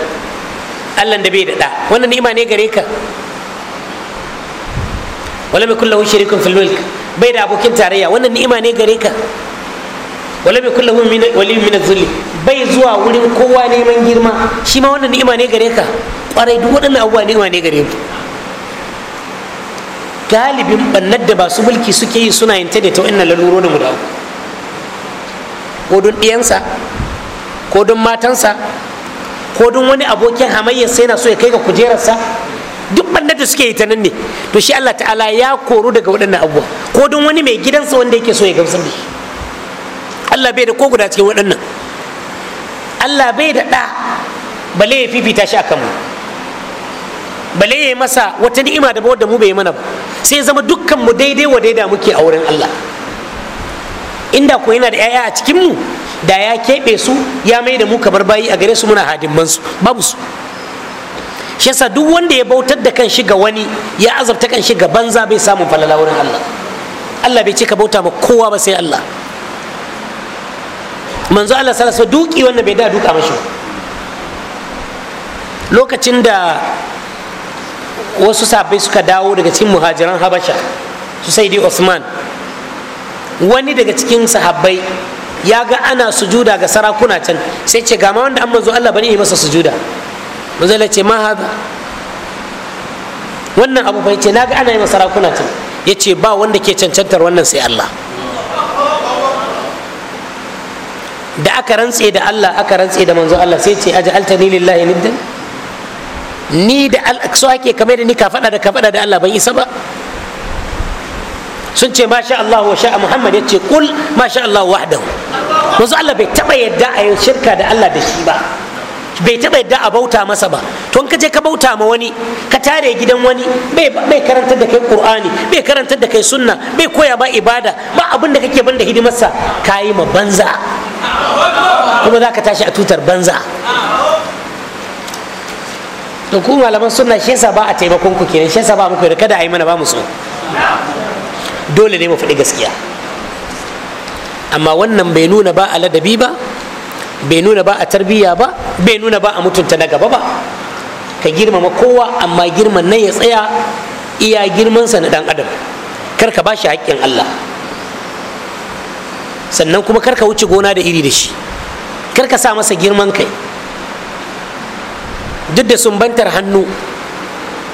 Allah da bai da da wannan ni'ima ne gare ka wala bi kullahu shirikun fil mulk bai da abokin tarayya wannan ni'ima ne gare ka wala mai kullahu wali min zulli bai zuwa wurin kowa neman girma shi ma wannan ni'ima ne gare ka kwarai duk waɗannan abubuwa ni'ima ne gare ka galibin ɓannar da masu mulki suke yi suna yin ta da ta wa'annan lalurorin guda uku ko don ɗiyansa ko don matansa ko don wani abokin hamayyar sai na so ya kai ga kujerarsa duk ɓannar da suke yi ta nan ne to shi Allah ta'ala ya koru daga waɗannan abubuwa ko don wani mai gidansa wanda yake so ya gamsar da shi Allah bai da ko guda cikin waɗannan Allah bai da ɗa bale ya fifita shi a kanmu bale ya masa wata ni'ima da wadda mu bai mana ba sai zama dukkan mu daidai wa daida muke a wurin Allah inda ko yana da 'ya'ya a cikin mu da ya keɓe su ya mai da mu kamar bayi a gare su muna hadimman su babu su shi yasa duk wanda ya bautar da kan shi ga wani ya azabta kan shi ga banza bai samu falala wurin Allah Allah bai ce ka bauta ma kowa ba sai Allah manzo Allah sallallahu alaihi wasallam duki wannan bai da duka mashi lokacin da wasu sabai suka dawo daga cikin muhajiran habasha su sai dai Osman. wani daga cikin sahabbai ya ga ana sujuda ga sarakuna can sai ce ga ma wanda an manzo Allah bane yi masa sujuda manzo Allah ce ma haza wannan abu bai ce naga ana yi masa sarakuna can yace ba wanda ke cancantar wannan sai Allah da aka rantse da Allah aka rantse da manzo Allah sai ce aj'altani lillahi niddan ni da so ake kamar da ni ka faɗa da ka faɗa da Allah ban isa ba sun ce masha Allah wa sha'a Muhammad ya ce kul masha Allah wahdahu wanzu Allah bai taɓa yadda a shirka da Allah da shi ba bai taɓa yadda a bauta masa ba to in ka je ka bauta ma wani ka tare gidan wani bai karantar da kai Qur'ani bai karantar da kai sunna bai koya ba ibada ba abin da kake banda hidimarsa yi ma banza kuma za ka tashi a tutar banza to ku malaman suna shi yasa ba a taimakon ku kenan shi yasa ba muku kada a yi mana ba mu so dole ne mu faɗi gaskiya amma wannan bai nuna ba a ladabi ba bai nuna ba a tarbiyya ba bai nuna ba a mutunta na gaba ba ka girmama kowa amma girman nan ya tsaya iya girmansa na dan adam kar ka bashi haƙƙin Allah sannan kuma kar ka wuce gona da iri da shi kar ka sa masa girman kai duk da sumbantar hannu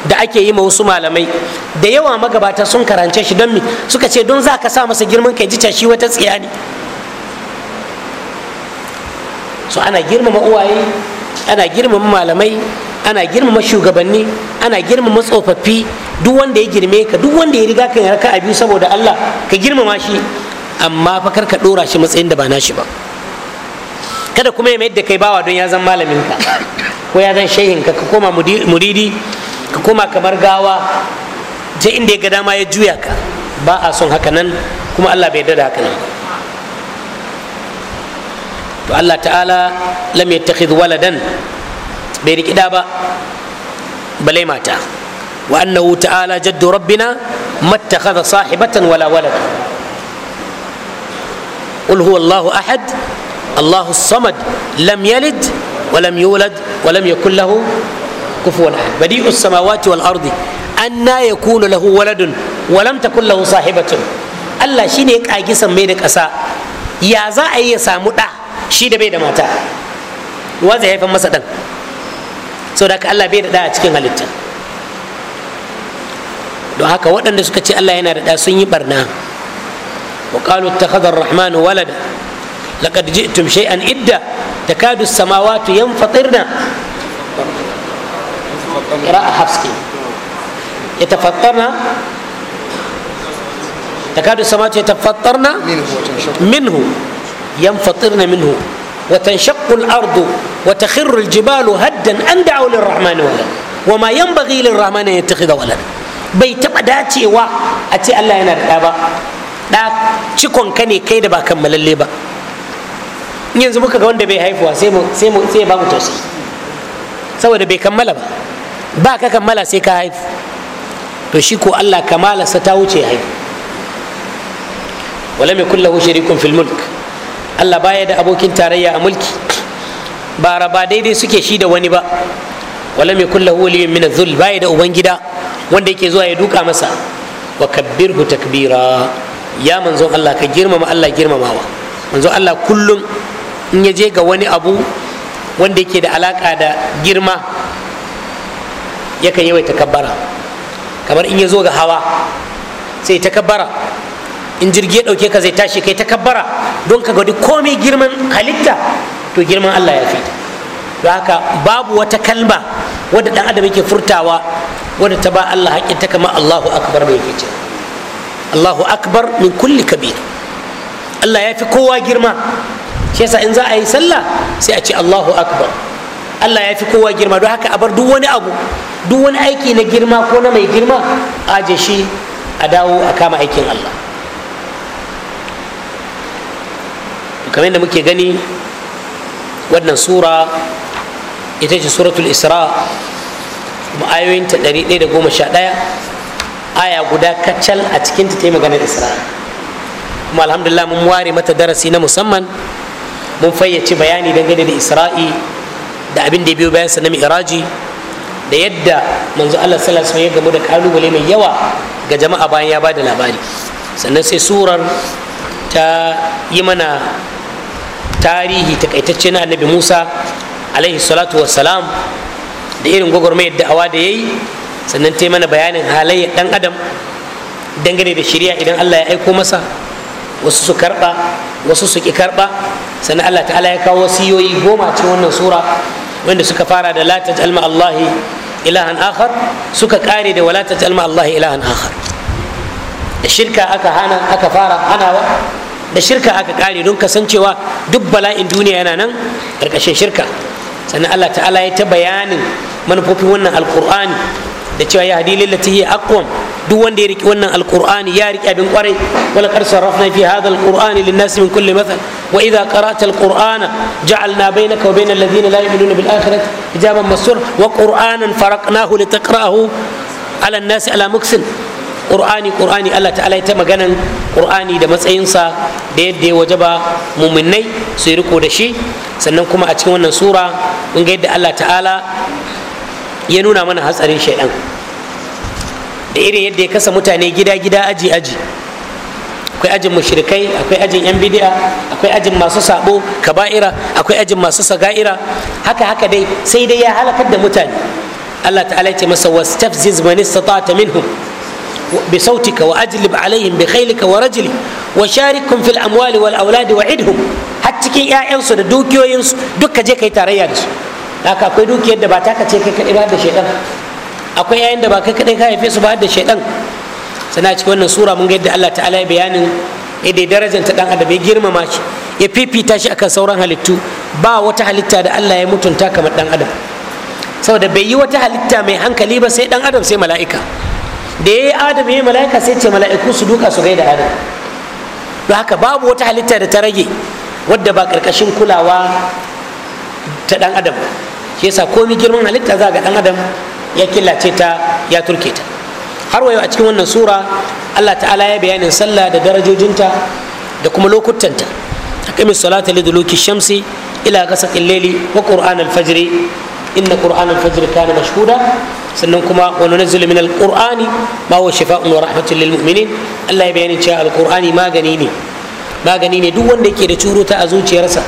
da ake yi ma wasu malamai da yawa magabata sun karance shi don mi suka ce don za ka sa masa girman kai ji shi wata tsiya ne so ana girmama uwaye ana girmama malamai ana girmama shugabanni ana girmama tsofaffi duk wanda ya girme ka duk wanda ya riga ka yarka a biyu saboda Allah ka girmama shi amma fa kar ka dora shi matsayin da ba nashi ba kada kuma ya mayar da kai bawa don ya zan malamin ka ko ya zan shehin ka ka koma muridi ka koma kamar gawa ta inda ya ga dama ya juya ka ba a son haka nan kuma Allah bai dada da haka nan to Allah ta'ala lam yattakhidh waladan bai riki da ba bale mata wa annahu ta'ala jaddu rabbina mattakhadha sahibatan wala walada qul ahad الله الصمد لم يلد ولم يولد ولم يكن له كفوا أحد بديع السماوات والأرض أنا يكون له ولد ولم تكن له صاحبة الله شيني كاجي سمي دك أسا يا زا أي سامو دا شي دا بيد ماتا وازا هيفن مسا دن سو داك الله بيد دا cikin halitta don haka waɗanda suka ce Allah yana da da sun yi barna وقالوا اتخذ الرحمن ولدا laqad ji'tum shay'an idda takadu as-samawati yanfatirna qira'a hafski yatafattarna takadu as-samawati ينفطرن منه وتنشق الأرض وتخر الجبال هدا أن دعوا للرحمن ولدا وما ينبغي للرحمن أن يتخذ ولدا bai taɓa dacewa a ce Allah yana da ɗa ba ɗa cikon ka ne kai da ba kammalalle ba yanzu muka ga wanda bai haifuwa sai mu ba mu saboda bai kammala ba ba ka kammala sai ka haifu to shi ko Allah kamalarsa ta wuce haifu wala mai kullahu sharikun fil mulk Allah baya da abokin tarayya a mulki ba raba daidai suke shi da wani ba wala mai kullahu waliyun min zul baya da ubangida wanda yake zuwa ya duka masa wa kabbirhu takbira ya manzon Allah ka girmama Allah girmamawa manzon Allah kullum in ya je ga wani abu wanda yake da alaka da girma yakan yawaita takabbara. kamar in ya zo ga hawa sai takabbara. in jirgi ya ɗauke ka zai tashi kai takabbara, don ka gadi komai girman halitta to girman allah ya fi don haka babu wata kalma wadda ɗan adam yake furtawa wadda ta ba allah haƙƙin ta kama allahu akbar mai fice allahu akbar min kulli kabir allah ya fi kowa girma shi yasa in za a yi sallah sai a ce Allahu akbar Allah ya fi kowa girma don haka a bar duk wani abu duk wani aiki na girma ko na mai girma aje shi a dawo a kama aikin Allah kamar yadda muke gani wannan sura ita ce suratul isra kuma ayoyinta 111 aya guda kacal a cikinta ta yi maganar isra kuma alhamdulillah mun ware mata darasi na musamman mun fayyace bayani dangane da isra'i da abin da ya biyo bayansa na mi'raji da yadda manzo Allah sallallahu alaihi ya gamu da kalubale mai yawa ga jama'a bayan ya bada labari sannan sai surar ta yi mana tarihi takaitacce na annabi Musa alaihi salatu wassalam da irin gwagwarmayar da'awa da yayi sannan ta yi mana bayanin halayyar dan adam dangane da shari'a idan Allah ya aiko masa wasu su karba wasu su ki karba sannan Allah ta'ala ya kawo wasiyoyi goma cikin wannan sura wanda suka fara da la taj'al ma Allah ilahan akhar suka kare da wala taj'al ma Allah ilahan akhar da shirka aka hana aka fara hanawa da shirka aka kare don kasancewa duk bala'in duniya yana nan karkashin shirka sannan Allah ta'ala ya ta bayanin manufofin wannan alkur'ani da cewa ya hadi lillati hi aqwam duk wanda ya riki wannan alqur'ani ya riki abin kwarai wala qad sarrafna fi hadha alqur'ani lin-nas min kulli mathal wa idha qara'ta alqur'ana ja'alna bainaka wa bainal ladhina la yu'minuna bil akhirati hijaban masura wa qur'anan faraqnahu litaqra'ahu ala an-nas ala muksin qur'ani qur'ani Allah ta'ala ta maganan qur'ani da matsayinsa da yadda ya wajaba muminnai su yi riko da shi sannan kuma a cikin wannan sura mun ga yadda Allah ta'ala ya nuna mana hatsarin shaidan da irin yadda ya kasa mutane gida-gida aji-aji akwai ajin mushrikai akwai ajin yan bidi'a akwai ajin masu sabo kaba'ira akwai ajin masu saga'ira haka haka dai sai dai ya halakar da mutane Allah ta'ala ya ce masa wastafziz man istata'ta minhum bi sautika wa ajlib alaihim bi khailika wa rajli wa sharikum fil amwali wal auladi wa idhum har cikin 'ya'yansu da dukiyoyinsu duk ka je kai tarayya da su haka akwai dukiyar da ba taka ce kai kaɗai ba da shaidan akwai yayin da ba kai kaɗai ka haife su ba da shaidan sana cikin wannan sura mun ga yadda Allah ta'ala ya bayanin yadda darajanta dan adam ya girmama shi ya fifita shi akan sauran halittu ba wata halitta da Allah ya mutunta kamar dan adam saboda bai yi wata halitta mai hankali ba sai dan adam sai mala'ika da yayi adam yayi mala'ika sai ce mala'iku su duka su gaida adam don haka babu wata halitta da ta rage wadda ba karkashin kulawa ta dan adam shi yasa komi girman halitta za ga dan adam ya killace ta ya turke ta har wayo a cikin wannan sura Allah ta'ala ya bayanin sallah da darajojinta da kuma lokutanta aqimis salata liduluki shamsi ila ghasaqil layli wa qur'an al-fajr inna qur'an al-fajr kana mashhuda sannan kuma wa nunazzilu min al-qur'ani ma huwa shifaa'un wa rahmatun lil mu'minin Allah ya bayanin cewa al-qur'ani magani ne magani ne duk wanda yake da curuta a zuciyarsa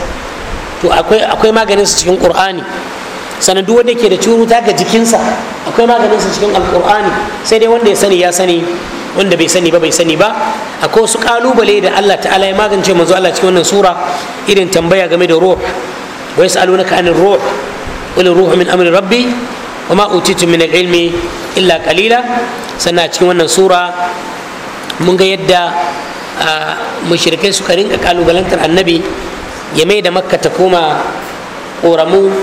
to akwai akwai maganin su cikin qur'ani sanadu wanda ke da curuta ga jikinsa akwai maganinsa cikin alkur'ani sai dai wanda ya sani ya sani wanda bai sani ba bai sani ba akwai wasu kalubale da Allah ta'ala ya magance manzo Allah cikin wannan sura irin tambaya game da ruh wa alunaka an ruh qul ruhu min amri rabbi ma utitu min ilmi illa qalila sannan cikin wannan sura mun ga yadda mushrikai suka rinka kalubalantar annabi ya mai da makka ta koma ƙoramu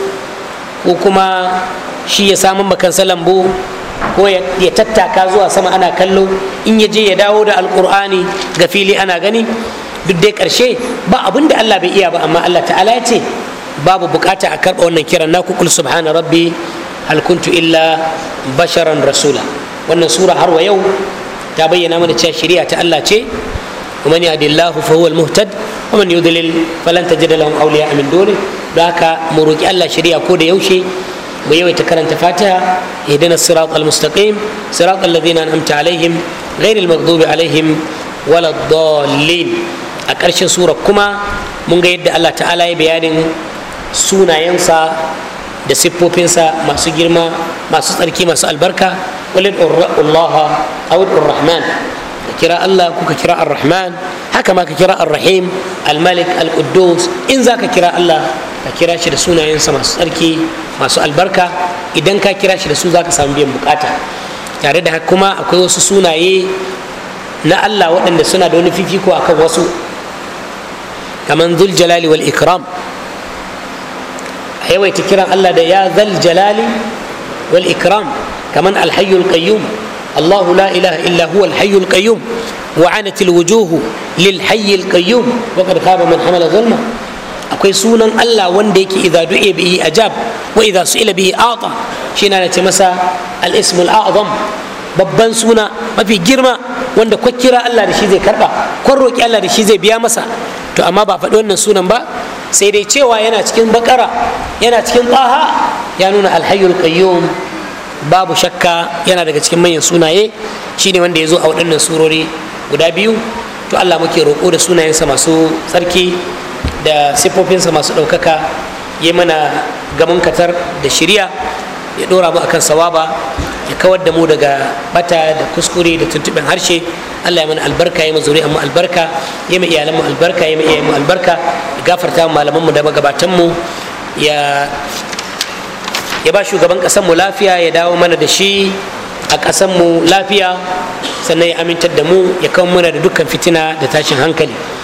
ko kuma shi ya samun makansa lambu ko ya tattaka zuwa sama ana kallo in ya je ya dawo da alkur'ani ga fili ana gani duk dai karshe ba abin da allah bai iya ba amma allah ta'ala ya ce babu bukata a karɓa wannan kiran naku kul subhana rabbi hal illa basharan rasula wannan sura har wa yau ta bayyana mana cewa shari'a ta allah ce ومن يهد الله فهو المهتد ومن يضلل فلن تجد لهم اولياء من دونه ذاك مروج الله شريعه كود يوشي ويوي تكرن تفاتها اهدنا الصراط المستقيم صراط الذين انعمت عليهم غير المغضوب عليهم ولا الضالين أكرشن سورة كما من قيد الله تعالى بيان سونا ينسى da siffofinsa masu girma masu tsarki masu albarka walid Allah awud rahman ka kira Allah ko ka kira Ar-Rahman haka ma ka kira Ar-Rahim Al-Malik Al-Quddus in za ka kira Allah ka kira shi da sunayensa masu tsarki masu albarka idan ka kira shi da su za ka samu biyan bukata tare da kuma akwai wasu sunaye na Allah waɗanda suna da wani fifiko akan wasu kamar zul jalali wal ikram a yawaita kiran Allah da ya zal jalali wal ikram kamar alhayyul qayyum الله لا إله إلا هو الحي القيوم وعنت الوجوه للحي القيوم وقد خاب من حمل ظلما akwai sunan Allah wanda yake idza du'e bihi ajab wa idza su'ila bihi ata shine ana ce masa al-ismul a'zam babban suna mafi girma wanda ko kira Allah da shi zai karba ko roki Allah da shi zai biya masa to amma ba faɗi wannan sunan ba sai dai cewa yana cikin bakara yana cikin taha ya nuna al-hayyul qayyum babu shakka yana daga cikin manyan sunaye shine wanda ya zo a waɗannan surori guda biyu to allah muke roƙo da sunayensa masu tsarki da siffofinsa masu ɗaukaka ya mana gaman katar da shirya ya ɗora mu akan sawaba ya kawar da mu daga bata da kuskure da tuntuɓin harshe allah ya mana albarka ya mazuri mu albarka ya mai iyalan mu albarka ya mu iyayen mu albarka ya gafarta mu malaman mu da magabatan mu ya ya ba shugaban mu lafiya ya dawo mana da shi a mu lafiya sannan ya amintar da mu ya kawo mana da dukkan fitina da tashin hankali